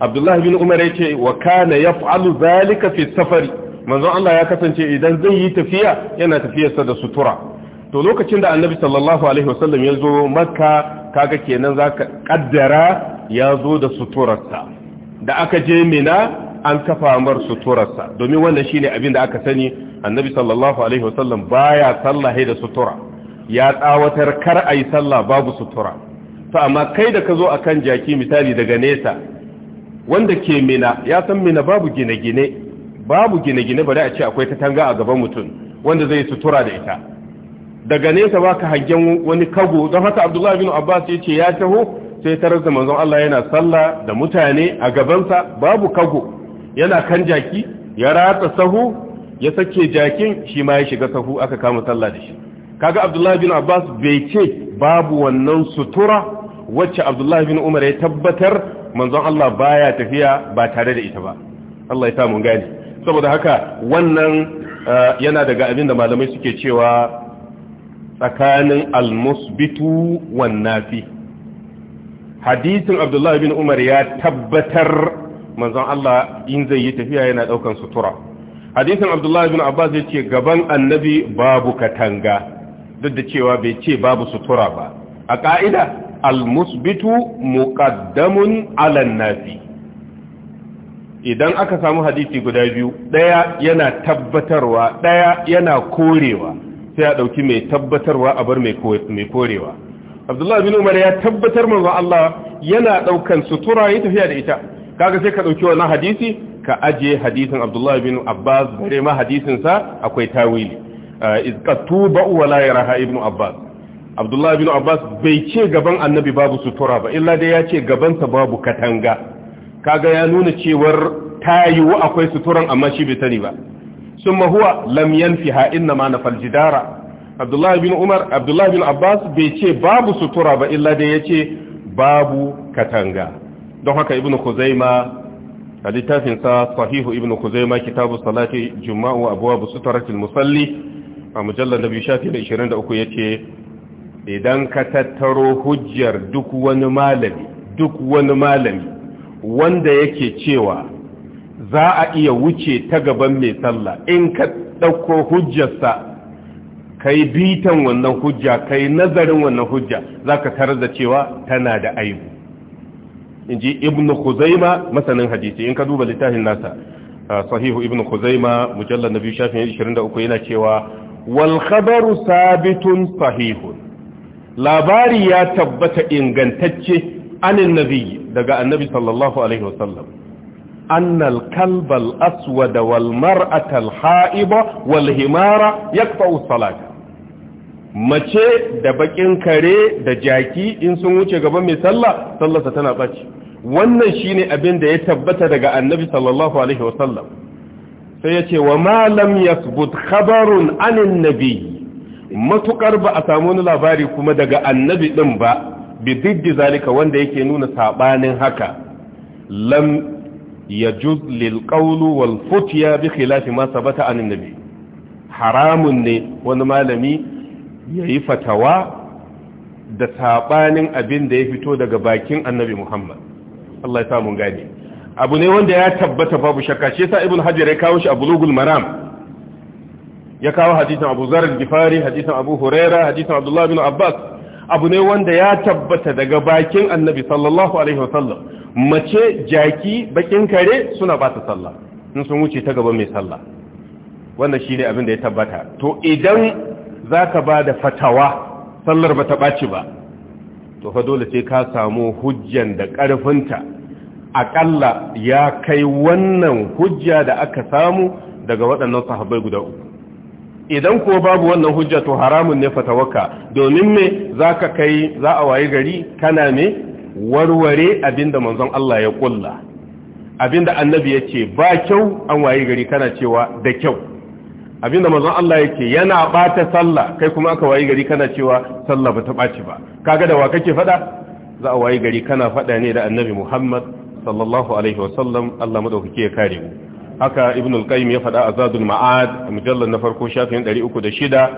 abdullahi bin umar ya ce wa kana ya fa'alu zalika fi safari manzon Allah ya kasance idan zai yi tafiya yana tafiyarsa da sutura to lokacin da annabi sallallahu alaihi wasallam ya zo makka kaga kenan zaka kaddara ya zo da suturarsa da aka je mina an kafa mar suturarsa domin wannan shine abin da aka sani annabi sallallahu alaihi wasallam baya sallahi da sutura ya tsawatar kar ayi sallah babu sutura to amma kai da ka zo akan jaki misali daga nesa wanda ke mina ya san mina babu gine-gine babu gine-gine bari a ce akwai katanga a gaban mutum wanda zai sutura da ita daga nesa ba ka hangen wani kago don haka abdullahi bin abbas ya ce ya taho sai tarar da manzon Allah yana sallah da mutane a gabansa babu kago yana kan jaki ya ratsa sahu ya sake jakin shi ma ya shiga sahu aka kama sallah da shi kaga abdullahi bin abbas bai ce babu wannan sutura wacce abdullahi bin umar ya tabbatar manzon Allah baya tafiya ba tare da ita ba Allah ya sa mun gane saboda haka wannan eh, yana daga abin da malamai suke cewa tsakanin almusbitu wan nafi hadisin Abdullah bin Umar ya tabbatar manzon Allah in zai yi tafiya yana daukan sutura hadisin Abdullah bin Abbas ya ce gaban annabi babu katanga duk da cewa bai ce babu sutura ba a ka'ida almusbitu muqaddamun ala nafi idan aka samu hadisi guda biyu daya yana tabbatarwa daya yana korewa sai a dauki mai tabbatarwa a bar mai korewa abdullahi bin umar ya tabbatar manzo Allah yana daukan sutura tafiya da ita kaga sai ka dauki wannan hadisi ka aje hadisin abdullahi bin abbas bare ma hadisin sa akwai tawili uh, iz qatuba wa la yaraha ibnu abbas abdullah bin abbas bai ce gaban annabi babu sutura ba illa dai ya ce gabansa babu katanga kaga ya nuna cewar ta wa akwai suturan amma shi bai sani ba sun mahuwa lam yanfiha inna ma na faljidara abdullahi bin umar abdullahi bin abbas bai ce babu sutura ba illa dai ya ce babu katanga don haka ibn khuzaima a littafinsa sahihu ibn khuzaima kitabu salati Juma'u abuwa abwaab sutaratil musalli a mujallal nabi shafi 23 idan ka tattaro hujjar duk wani malami duk wani malami wanda yake cewa za a iya wuce ta gaban mai sallah in ka ɗauko hujjarsa kai bitan wannan hujja kai nazarin wannan hujja za ka tarar da cewa tana da aibu in ji ibn khuzaima masanin hadisi in ka duba littafin nasa sahihu ibn khuzaima mujallar na biyu shafin 23 yana cewa wal khabaru sabitun sahihun labari ya tabbata ingantacce anin nabi daga annabi sallallahu alaihi wasallam annal kalbal aswada wal mar'atal ha'iba wal himara yaqta'u salata mace da bakin kare da jaki in sun wuce gaban mai sallah sallarsa tana baci wannan shine abin da ya tabbata daga annabi sallallahu alaihi wasallam sai yace wa ma lam yasbut khabarun anin nabi Matuƙar ba a samu wani labari kuma daga annabi din ba bi diddi zalika wanda yake nuna sabanin haka lam yajuz lil qawlu wal futya bi khilafi ma sabata an nabi haramun ne wani malami yayi fatawa da sabanin abin da ya fito daga bakin annabi Muhammad Allah ya sa mun gane abu ne wanda ya tabbata babu shakka shi sa ibn hajar ya kawo shi a bulugul maram ya kawo hadisin abu zarar gifari hadisin abu huraira hadisin abdullahi bin abbas abu ne wanda ya tabbata daga bakin annabi sallallahu alaihi wasallam mace jaki bakin kare suna ba ta sallah in sun wuce ta gaban mai sallah wanda shi ne abin da ya tabbata to idan za ka ba da fatawa sallar ba ta ɓaci ba to fa dole sai ka samu hujjan da ƙarfinta aƙalla ya kai wannan hujja da aka samu daga waɗannan sahabbai guda uku idan ko babu wannan hujja to haramun ne fatawaka domin me za ka kai za a wayi gari kana me warware abinda manzon Allah ya kulla abinda annabi yace ba kyau an wayi gari kana cewa da kyau abinda manzon Allah yake yana bata sallah kai kuma aka wayi gari kana cewa sallah ba ta baci ba kaga da wa kake fada za a wayi gari kana fada ne da annabi Muhammad sallallahu alaihi wasallam Allah madaukake ya kare mu haka ibn qayyim ya faɗa a zadul ma'ad mujallal na farko shafin 306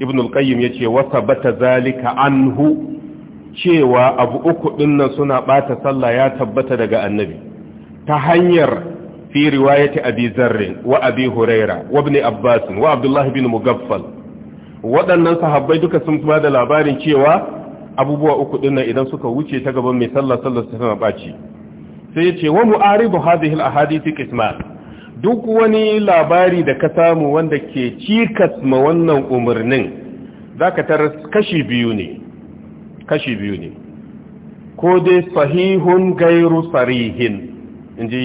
ibn qayyim yace wa sabata zalika anhu cewa abu uku dinnan suna bata sallah ya tabbata daga annabi ta hanyar fi riwayati abi zarr wa abi huraira wa ibn abbas wa abdullah ibn mugaffal waɗannan sahabbai duka sun ba da labarin cewa abubuwa uku dinnan idan suka wuce ta gaban mai sallah sallar ta tana sai ya ce wa mu'aridu hadhihi al-ahadith qisman duk wani labari da ka samu wanda ke cikas ma wannan umarnin za ka tarar kashi biyu ne kashi biyu ne ko dai sahihun gairu sarihin in ji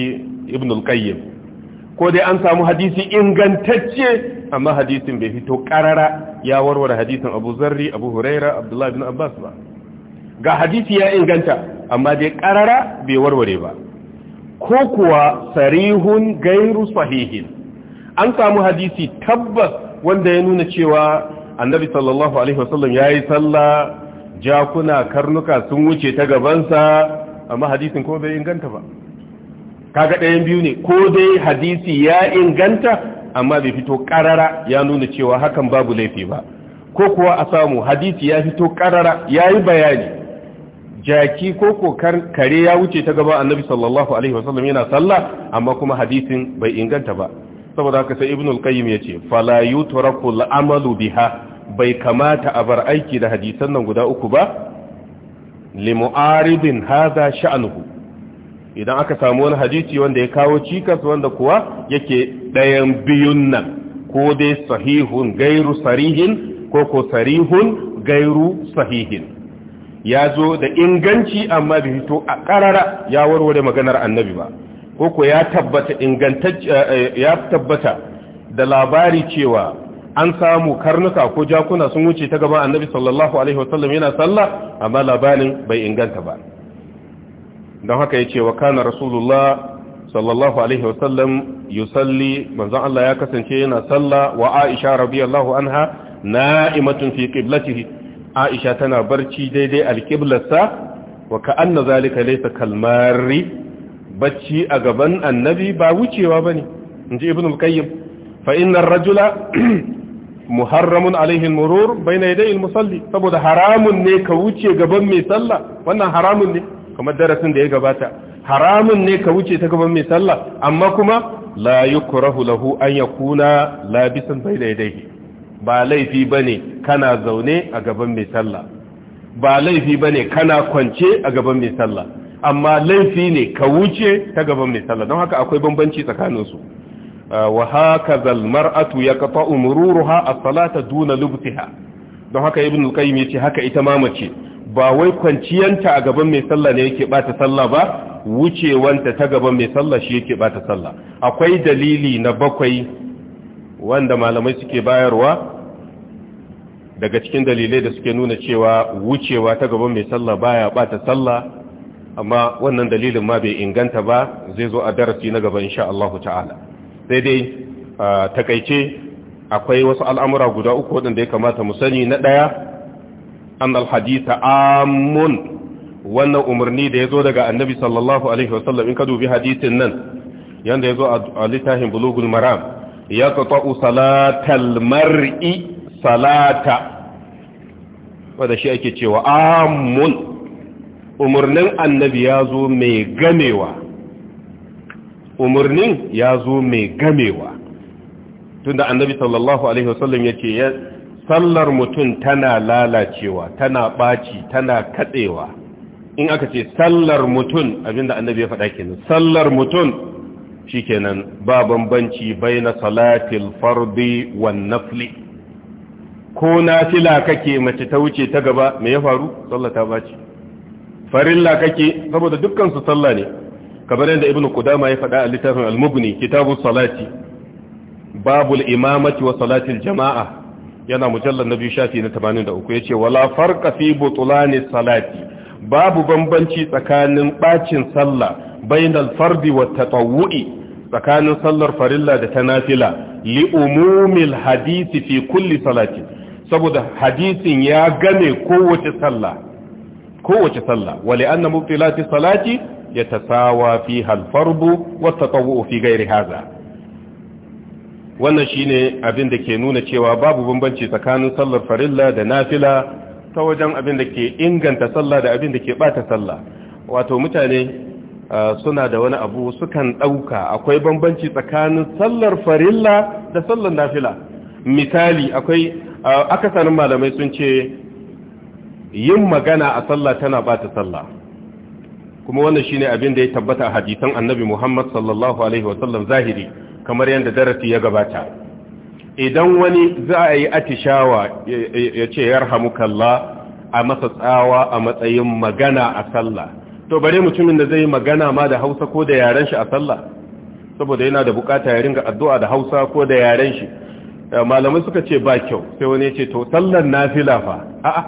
ibn al-qayyim ko dai an samu hadisi ingantacce amma hadisin bai fito karara ya warware hadisin abu zarri abu huraira abdullahi bin abbas ba ga hadisi ya inganta amma dai karara bai warware ba ko kuwa sarihun gairu sahihin an samu hadisi tabbas wanda ya nuna cewa annabi sallallahu alaihi wasallam yayi sallah jakuna karnuka sun wuce ta gabansa amma hadisin ko bai inganta ba kaga ɗayan biyu ne ko dai hadisi ya inganta amma bai fito karara ya nuna cewa hakan babu laifi ba ko kuwa a samu hadisi ya fito karara yayi bayani jaki ko ko kare ya wuce ta gaban annabi sallallahu alaihi wasallam yana sallah amma kuma hadisin bai inganta ba saboda haka sai ibnul qayyim yace fala yutraku al-amalu biha bai kamata a bar aiki da hadisan nan guda uku ba li mu'aridin hadha sha'nuhu idan aka samu wani hadisi wanda ya kawo cikas wanda kuwa yake dayan biyun nan ko dai sahihun gairu sarihin ko ko sarihun gairu sahihin ya zo da inganci amma bai fito a karara ya warware maganar annabi ba ko ko ya tabbata eh, ya tabbata da labari cewa an samu karnuka ko jakuna sun wuce ta gaban annabi sallallahu alaihi wasallam yana sallah amma labarin bai inganta ba don haka ya ce wa kana rasulullah sallallahu alaihi wasallam yusalli manzon Allah ya kasance yana sallah wa Aisha radiyallahu anha na'imatun fi qiblatihi aisha tana barci daidai alƙiblarsa wa ka'anna zalika laysa kalmari bacci a gaban annabi ba wucewa bane inji ibn al-qayyim fa inna rajula muharramun alaihi al-murur bayna yaday al-musalli saboda haramun ne ka wuce gaban mai sallah wannan haramun ne kamar darasin da ya gabata haramun ne ka wuce ta gaban mai sallah amma kuma la yukrahu lahu an yakuna labisan bayna yadayhi ba laifi ba ne kana zaune a gaban mai sallah ba laifi ba ne kana kwance a gaban mai sallah amma laifi ne ka wuce ta gaban mai sallah don haka akwai bambanci tsakanin su uh, atu ya ya umururu ha a salata duna lubtiha don haka ibn al-qayyim yace haka ita ma mace ba wai kwanciyanta a gaban mai sallah ne yake bata sallah ba wucewanta ta gaban mai sallah shi yake bata sallah akwai dalili na bakwai wanda malamai suke bayarwa daga cikin dalilai da suke nuna cewa wucewa ta gaban mai sallah baya bata sallah amma wannan dalilin ma bai inganta ba zai zo a darasi na gaba insha Allah ta'ala sai dai takaice akwai wasu al'amura guda uku waɗanda ya kamata mu sani na ɗaya annal alhadisa amun wannan umarni da ya zo daga annabi sallallahu alaihi wasallam in ka dubi hadisin nan yanda ya zo a littafin bulugul maram Ya yaqta'u salatal mar'i salata wanda shi ake cewa amun umarnin annabi ya zo mai gamewa umarnin ya zo mai gamewa tunda annabi sallallahu alaihi wasallam ce, sallar mutum tana lalacewa tana baci tana katsewa in aka ce sallar mutum abinda annabi ya faɗa kenan sallar mutum shikenan ba bambanci baina salatil fardi wan nafli ko nafila kake mace ta wuce ta gaba me ya faru sallah ta farilla kake saboda dukkan su sallah ne kamar yadda ibnu qudama ya faɗa a littafin al-mubni kitabus salati babul imamati wa salatil jama'a yana mujallal nabi shafi na 83 yace wala farqa fi butlani salati babu bambanci tsakanin bacin sallah bainal fardi wa tatawwu'i tsakanin sallar farilla da ta nafila li umumil hadisi fi kulli salati saboda hadisin ya game kowace sallah kowace sallah wa li anna mubtilati salati yatasawa fiha al-fardu wa tatawwu fi ghairi hadha wannan shine abin da ke nuna cewa babu bambanci tsakanin sallar farilla da nafila ta wajen abin da ke inganta sallah da abin da ke bata sallah wato mutane suna da wani abu sukan ɗauka akwai bambanci tsakanin sallar farilla da sallar nafila misali akwai akasarin malamai sun ce yin magana a sallah tana bata sallah kuma wannan shine abin da ya tabbata a hadisan annabi Muhammad sallallahu alaihi wasallam zahiri kamar yadda darasi ya gabata idan wani za a yi atishawa ya ce ya kalla a masa tsawa a matsayin magana a sallah to bare mutumin da zai yi magana ma da Hausa ko da yaren shi a sallah saboda yana da bukata ya ringa addu'a da Hausa ko da yaren shi eh, malamai suka ce ba kyau sai wani ya ce to sallar nafila fa a'a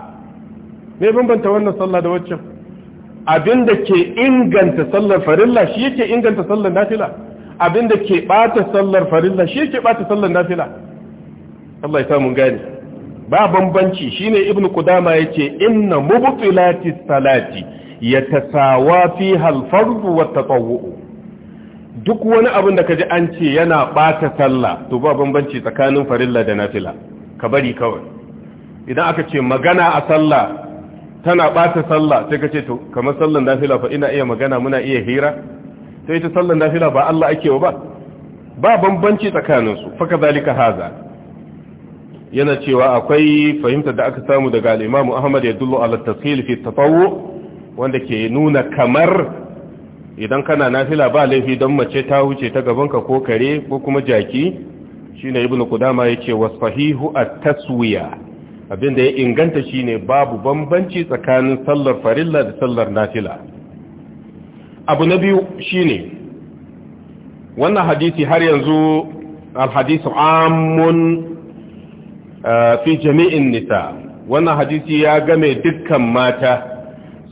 me bambanta wannan sallah da waccan abinda ke inganta sallar farilla shi yake inganta sallar nafila abinda ke bata sallar farilla shi yake bata sallar nafila Allah ya samu gani ba bambanci shine ibnu qudama yace inna mubtilati salati yatasawa fiha al-fard wa tatawwu duk wani abin da kaji an ce yana bata sallah to ba bambanci tsakanin farilla da nafila ka bari kawai idan aka ce magana a sallah tana bata sallah sai ka ce to kamar sallan nafila fa ina iya magana muna iya hira sai ita sallan nafila ba Allah ake wa ba ba bambanci tsakaninsu faka zalika haza yana cewa akwai fahimtar da aka samu daga al'imamu ahmad ya dullo ala fi tafawo wanda ke nuna kamar idan kana nafila ba laifi don mace ta wuce ta gabanka ko kare ko kuma jaki shine ibn qudama yace wasfahihu a taswiya abinda ya inganta shine babu bambanci tsakanin sallar farilla da sallar nafila abu na biyu shine wannan hadisi har yanzu al-hadisu ammun fi jami'in nisa wannan hadisi ya game dukkan mata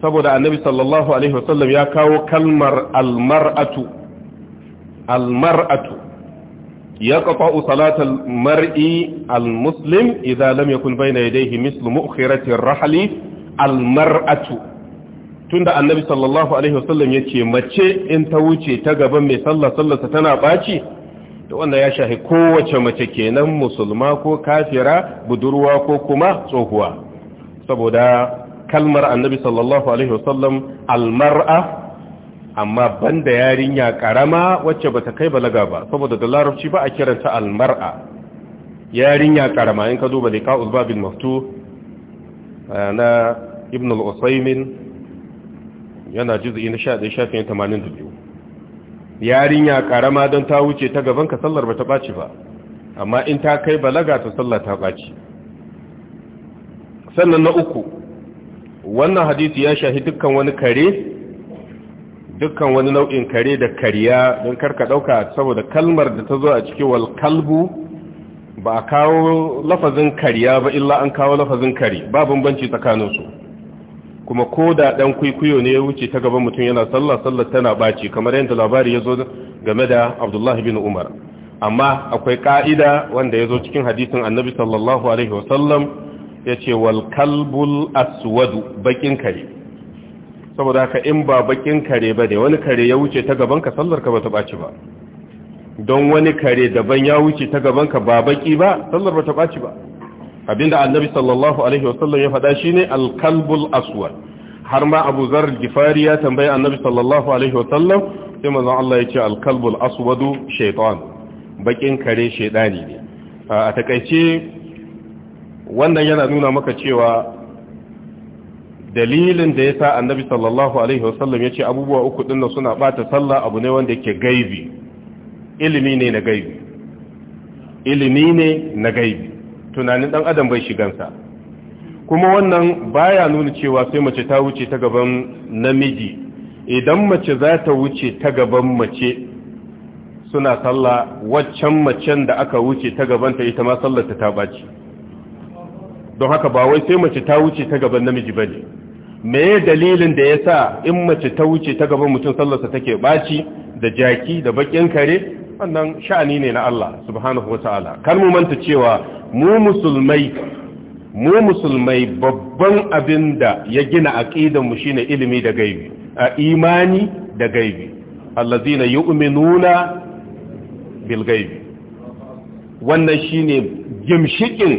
saboda annabi sallallahu alaihi wasallam ya kawo kalmar almar'atu almar'atu ya kafa salatul mar'i almuslim idza lam yakun baina yadayhi mithlu mu'khiratir rahli almar'atu tunda annabi sallallahu alaihi wasallam yace mace in ta wuce ta gaban mai sallah sallarsa tana baci da wanda ya shahi kowace mace kenan musulma ko kafira budurwa ko kuma tsohuwa saboda kalmar annabi sallallahu alaihi wasallam almar'a amma banda yarinya karama wacce bata kai balaga ba saboda da larabci ba a kiranta almar'a yarinya karama in ka duba ka babil maftu eh, na ibn al-usaymin yana juz'i na 11 shafin 82 yarinya karama don ta wuce ta gaban ka sallar ba ta baci ba amma in ta kai balaga ta sallar ta baci sannan na uku wannan hadisi ya shahi dukkan wani kare dukkan wani nau'in kare da kariya don ka ɗauka saboda kalmar da ta zo a cikin wal kalbu ba a kawo lafazin kariya ba illa an kawo lafazin kare ba bambanci tsakaninsu kuma ko da ɗan kwaikwayo ne ya wuce ta gaban mutum yana sallah sallah tana ɓaci kamar yadda labari ya zo game da abdullahi bin umar amma akwai ƙa'ida wanda ya zo cikin hadisin annabi sallallahu alaihi wasallam ya ce wal kalbul aswadu bakin kare saboda haka in ba bakin kare ba ne wani kare ya wuce ta gaban ka sallar ka bata ɓaci ba don wani kare daban ya wuce ta gaban ka ba baki ba sallar bata ɓaci ba abinda annabi sallallahu alaihi wasallam ya faɗa shine al-kalbul aswad har ma Abu Zar Gifari ya tambayi annabi sallallahu alaihi wasallam sai manzon Allah ya ce al-kalbul aswadu shaytan bakin kare shaiɗani ne a takaice wannan yana nuna maka cewa dalilin da yasa annabi sallallahu alaihi wasallam ya ce abubuwa uku dinnan suna bata sallah abu ne wanda yake gaibi ilimi ne na gaibi ilimi ne na gaibi tunanin ɗan adam bai shigansa kuma wannan baya nuna cewa sai mace ta wuce ta gaban namiji idan mace za ta wuce ta gaban mace suna sallah waccan macen da aka wuce ta gabanta ita ma sallarta ta baci don haka ba wai sai mace ta wuce ta gaban namiji bane meye dalilin da yasa in mace ta wuce ta gaban mutum sallarsa take baci da jaki da bakin kare wannan sha'ani ne na Allah subhanahu wa ta'ala Kan mu manta cewa mu musulmai mu musulmai babban abin da ya gina aqidan mu shine ilimi da gaibi a imani da gaibi allazina yu'minuna bil gaibi wannan shine gimshikin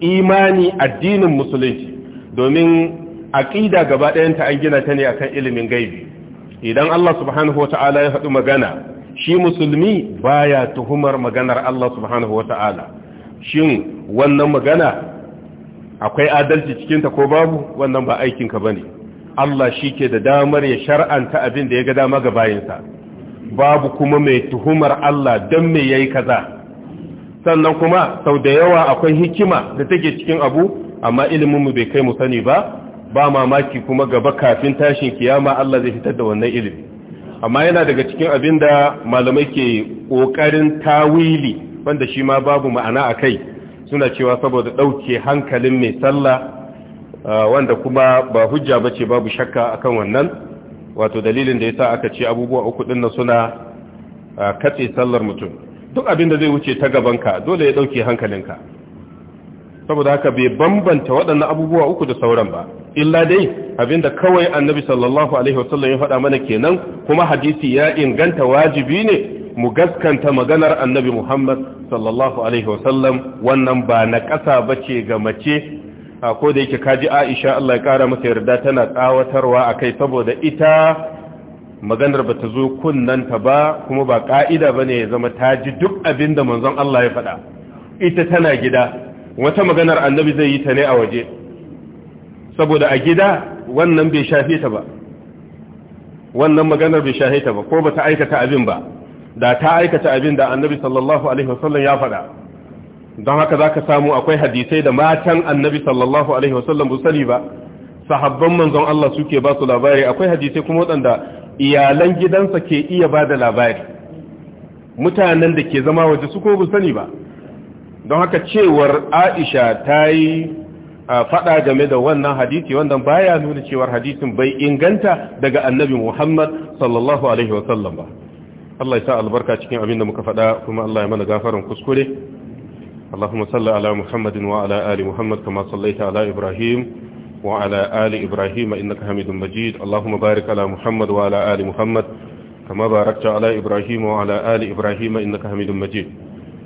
imani addinin musulunci domin aqida gaba ɗayanta an gina ta ne akan ilimin gaibi idan Allah subhanahu wa ta'ala ya faɗi magana shi musulmi baya tuhumar maganar Allah subhanahu wata'ala shin wannan magana akwai adalci cikinta ko babu wannan ba aikinka bane Allah shi ke da damar ya shar'anta abin da ya ga dama ga bayinsa babu kuma mai tuhumar Allah don me yayi kaza sannan kuma sau da yawa akwai hikima da take cikin abu amma iliminmu bai kai mu sani ba ba mamaki kuma gaba kafin tashin kiyama Allah zai fitar da wannan ilimin. amma yana daga cikin abin da malamai ke ƙoƙarin tawili wanda shi ma babu ma'ana a kai suna cewa saboda ɗauke hankalin mai sallah wanda kuma ba hujja ba ce babu shakka akan wannan wato dalilin da ya sa aka ce abubuwa uku ɗin suna katse sallar mutum duk abin da zai wuce ta gabanka dole ya ɗauke hankalinka saboda haka bai bambanta waɗannan abubuwa uku da sauran ba illa dai abinda kawai annabi sallallahu alaihi wasallam ya faɗa mana kenan kuma hadisi ya inganta wajibi ne mu gaskanta maganar annabi muhammad sallallahu alaihi wasallam wannan ba na ƙasa ba ce ga mace ko da yake kaji aisha allah ya ƙara masa yarda tana tsawatarwa a kai saboda ita maganar ba ta zo kunnanta ba kuma ba ƙa'ida ba ne ya zama ta ji duk abin da manzon allah ya faɗa ita tana gida wata maganar annabi zai yi ta ne a waje saboda a gida wannan bai shafe ta ba wannan maganar bai shafe ta ba ko ba ta aikata abin ba da ta aikata abin da annabi sallallahu alaihi wasallam ya faɗa don haka za ka samu akwai hadisai da matan annabi sallallahu alaihi wasallam bu ba sahabban manzon Allah suke ba su labari akwai hadisai kuma waɗanda iyalan gidansa ke iya ba da labari mutanen da ke zama waje su ko bu sani ba don haka cewar aisha ta yi fada game da wannan hadisi wanda baya nuna cewar hadisin bai inganta daga annabi muhammad sallallahu alaihi wasallam ba Allah ya sa albarka cikin abin da muka fada kuma Allah ya mana gafarin kuskure اللهم صل على محمد وعلى آل محمد كما صليت على إبراهيم وعلى آل إبراهيم إنك حميد مجيد اللهم بارك على محمد وعلى آل محمد كما باركت على إبراهيم وعلى آل إبراهيم إنك حميد مجيد